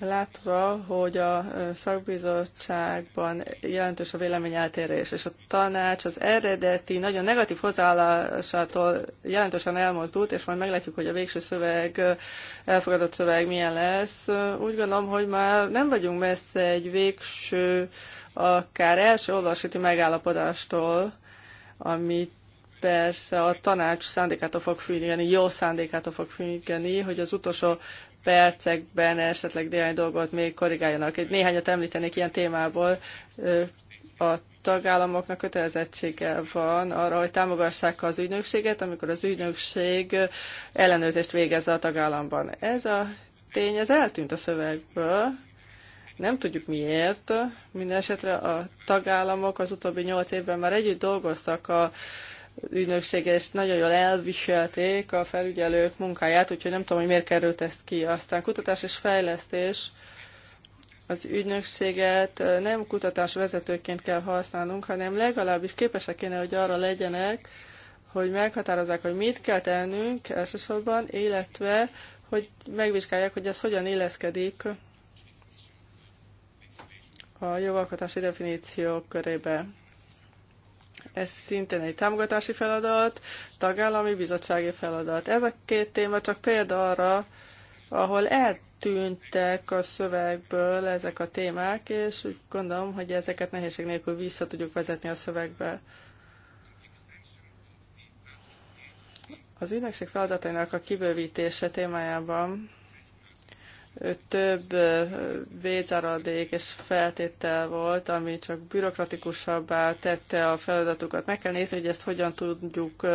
Látva, hogy a szakbizottságban jelentős a véleményeltérés, és a tanács az eredeti, nagyon negatív hozzáállásától jelentősen elmozdult, és majd meglátjuk, hogy a végső szöveg, elfogadott szöveg milyen lesz. Úgy gondolom, hogy már nem vagyunk messze egy végső, akár első olvasati megállapodástól, amit persze a tanács szándékától fog függeni, jó szándékától fog függeni, hogy az utolsó percekben esetleg néhány dolgot még korrigáljanak. Egy néhányat említenék ilyen témából. A tagállamoknak kötelezettsége van arra, hogy támogassák az ügynökséget, amikor az ügynökség ellenőrzést végez a tagállamban. Ez a tény, ez eltűnt a szövegből, nem tudjuk miért. Mindenesetre a tagállamok az utóbbi nyolc évben már együtt dolgoztak a ügynökség, és nagyon jól elviselték a felügyelők munkáját, úgyhogy nem tudom, hogy miért került ezt ki. Aztán kutatás és fejlesztés. Az ügynökséget nem kutatás vezetőként kell használnunk, hanem legalábbis képesek kéne, hogy arra legyenek, hogy meghatározzák, hogy mit kell tennünk elsősorban, illetve hogy megvizsgálják, hogy ez hogyan illeszkedik a jogalkotási definíciók körébe. Ez szintén egy támogatási feladat, tagállami bizottsági feladat. Ez a két téma csak példa arra, ahol eltűntek a szövegből ezek a témák, és úgy gondolom, hogy ezeket nehézség nélkül vissza tudjuk vezetni a szövegbe. Az ügynökség feladatainak a kibővítése témájában több vétaradék és feltétel volt, ami csak bürokratikusabbá tette a feladatukat. Meg kell nézni, hogy ezt hogyan tudjuk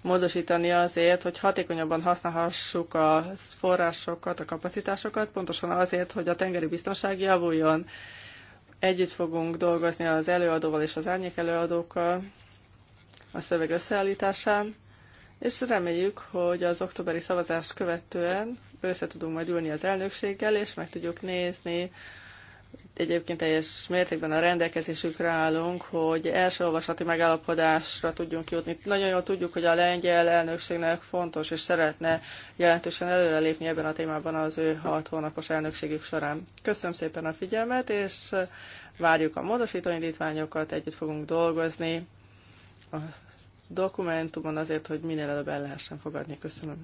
módosítani azért, hogy hatékonyabban használhassuk a forrásokat, a kapacitásokat, pontosan azért, hogy a tengeri biztonság javuljon. Együtt fogunk dolgozni az előadóval és az árnyék előadókkal a szöveg összeállításán, és reméljük, hogy az októberi szavazást követően össze tudunk majd ülni az elnökséggel, és meg tudjuk nézni, egyébként teljes mértékben a rendelkezésükre állunk, hogy első olvasati megállapodásra tudjunk jutni. Nagyon jól tudjuk, hogy a lengyel elnökségnek fontos, és szeretne jelentősen előrelépni ebben a témában az ő hat hónapos elnökségük során. Köszönöm szépen a figyelmet, és várjuk a módosítóindítványokat, együtt fogunk dolgozni a dokumentumon azért, hogy minél előbb el lehessen fogadni. Köszönöm.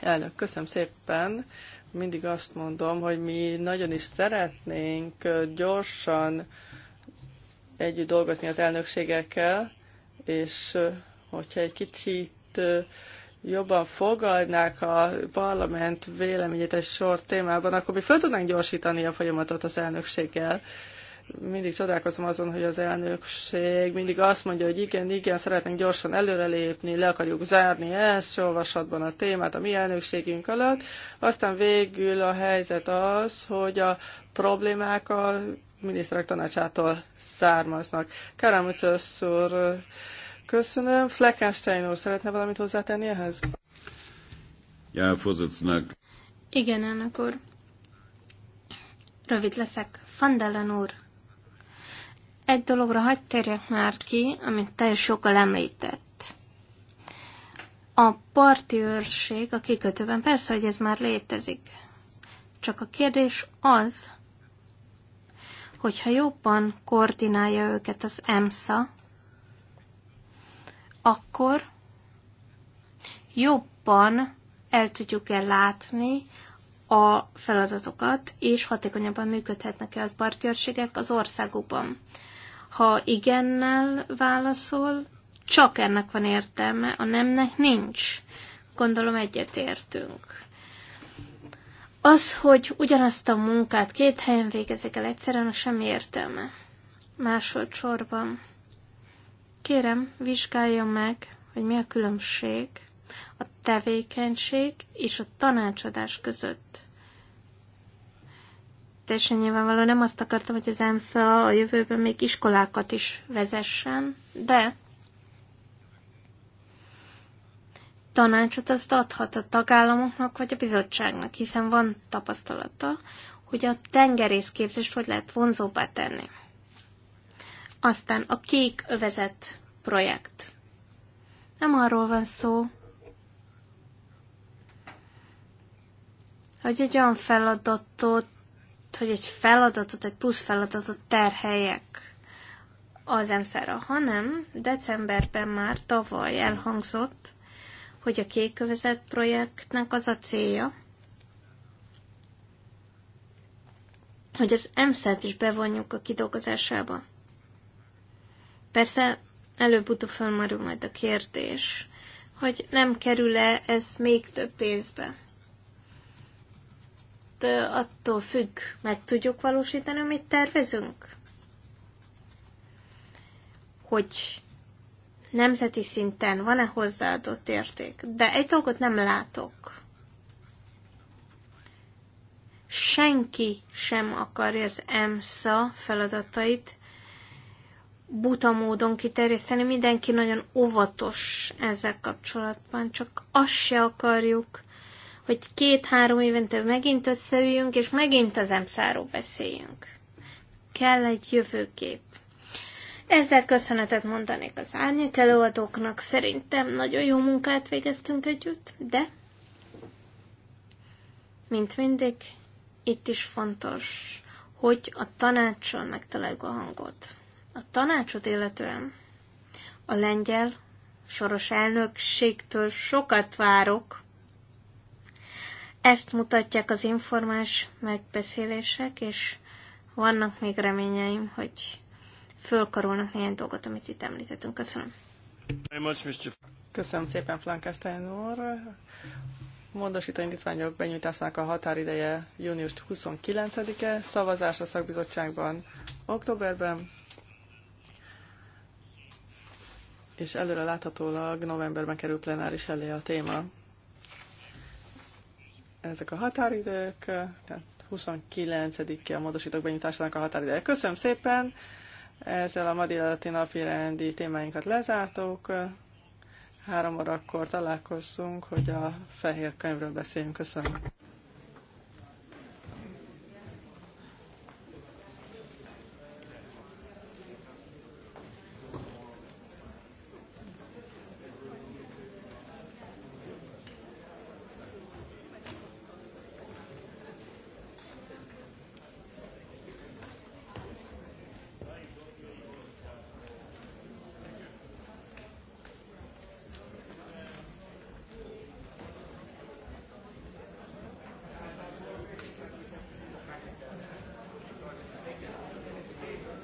Elnök, köszönöm szépen. Mindig azt mondom, hogy mi nagyon is szeretnénk gyorsan együtt dolgozni az elnökségekkel, és hogyha egy kicsit jobban fogadnák a parlament véleményét egy sor témában, akkor mi fel tudnánk gyorsítani a folyamatot az elnökséggel mindig csodálkozom azon, hogy az elnökség mindig azt mondja, hogy igen, igen, szeretnénk gyorsan előrelépni, le akarjuk zárni első olvasatban a témát a mi elnökségünk alatt. Aztán végül a helyzet az, hogy a problémák a miniszterek tanácsától származnak. Karamucsos úr, köszönöm. Fleckenstein úr, szeretne valamit hozzátenni ehhez? Ja, Igen, elnök úr. Rövid leszek. Fandelen úr, egy dologra hagyd térjek már ki, amit teljes sokkal említett. A parti őrség a kikötőben, persze, hogy ez már létezik. Csak a kérdés az, hogyha jobban koordinálja őket az EMSA, akkor jobban el tudjuk el látni a feladatokat, és hatékonyabban működhetnek-e az partőrségek az országokban. Ha igennel válaszol, csak ennek van értelme, a nemnek nincs. Gondolom egyetértünk. Az, hogy ugyanazt a munkát két helyen végezik el egyszerűen, sem értelme. Másodszorban. Kérem, vizsgálja meg, hogy mi a különbség a tevékenység és a tanácsadás között teljesen nyilvánvaló nem azt akartam, hogy az EMSZA a jövőben még iskolákat is vezessen, de tanácsot azt adhat a tagállamoknak vagy a bizottságnak, hiszen van tapasztalata, hogy a tengerészképzést hogy lehet vonzóbbá tenni. Aztán a kék övezet projekt. Nem arról van szó, hogy egy olyan feladatot hogy egy feladatot, egy plusz feladatot terheljek az emszára, hanem decemberben már tavaly elhangzott, hogy a kékövezet projektnek az a célja, hogy az emszert is bevonjuk a kidolgozásába. Persze előbb-utóbb felmerül majd a kérdés, hogy nem kerül-e ez még több pénzbe. Hát, attól függ, meg tudjuk valósítani, amit tervezünk? Hogy nemzeti szinten van-e hozzáadott érték? De egy dolgot nem látok. Senki sem akarja az EMSA feladatait buta módon kiterjeszteni, mindenki nagyon óvatos ezzel kapcsolatban, csak azt se akarjuk, hogy két-három évente megint összeüljünk, és megint az emszáról beszéljünk. Kell egy jövőkép. Ezzel köszönetet mondanék az árnyék előadóknak. Szerintem nagyon jó munkát végeztünk együtt, de mint mindig, itt is fontos, hogy a tanácson megtaláljuk a hangot. A tanácsot illetően a lengyel soros elnökségtől sokat várok, ezt mutatják az informás megbeszélések, és vannak még reményeim, hogy fölkarolnak néhány dolgot, amit itt említettünk. Köszönöm. Köszönöm szépen, Flankestein úr. Mondosító indítványok benyújtásának a határideje június 29-e, szavazás a szakbizottságban októberben, és előre láthatólag novemberben kerül plenáris elé a téma ezek a határidők, tehát 29-e a módosítók benyújtásának a határideje. Köszönöm szépen! Ezzel a ma délelőtti napi rendi témáinkat lezártuk. Három órakor találkozzunk, hogy a fehér könyvről beszéljünk. Köszönöm.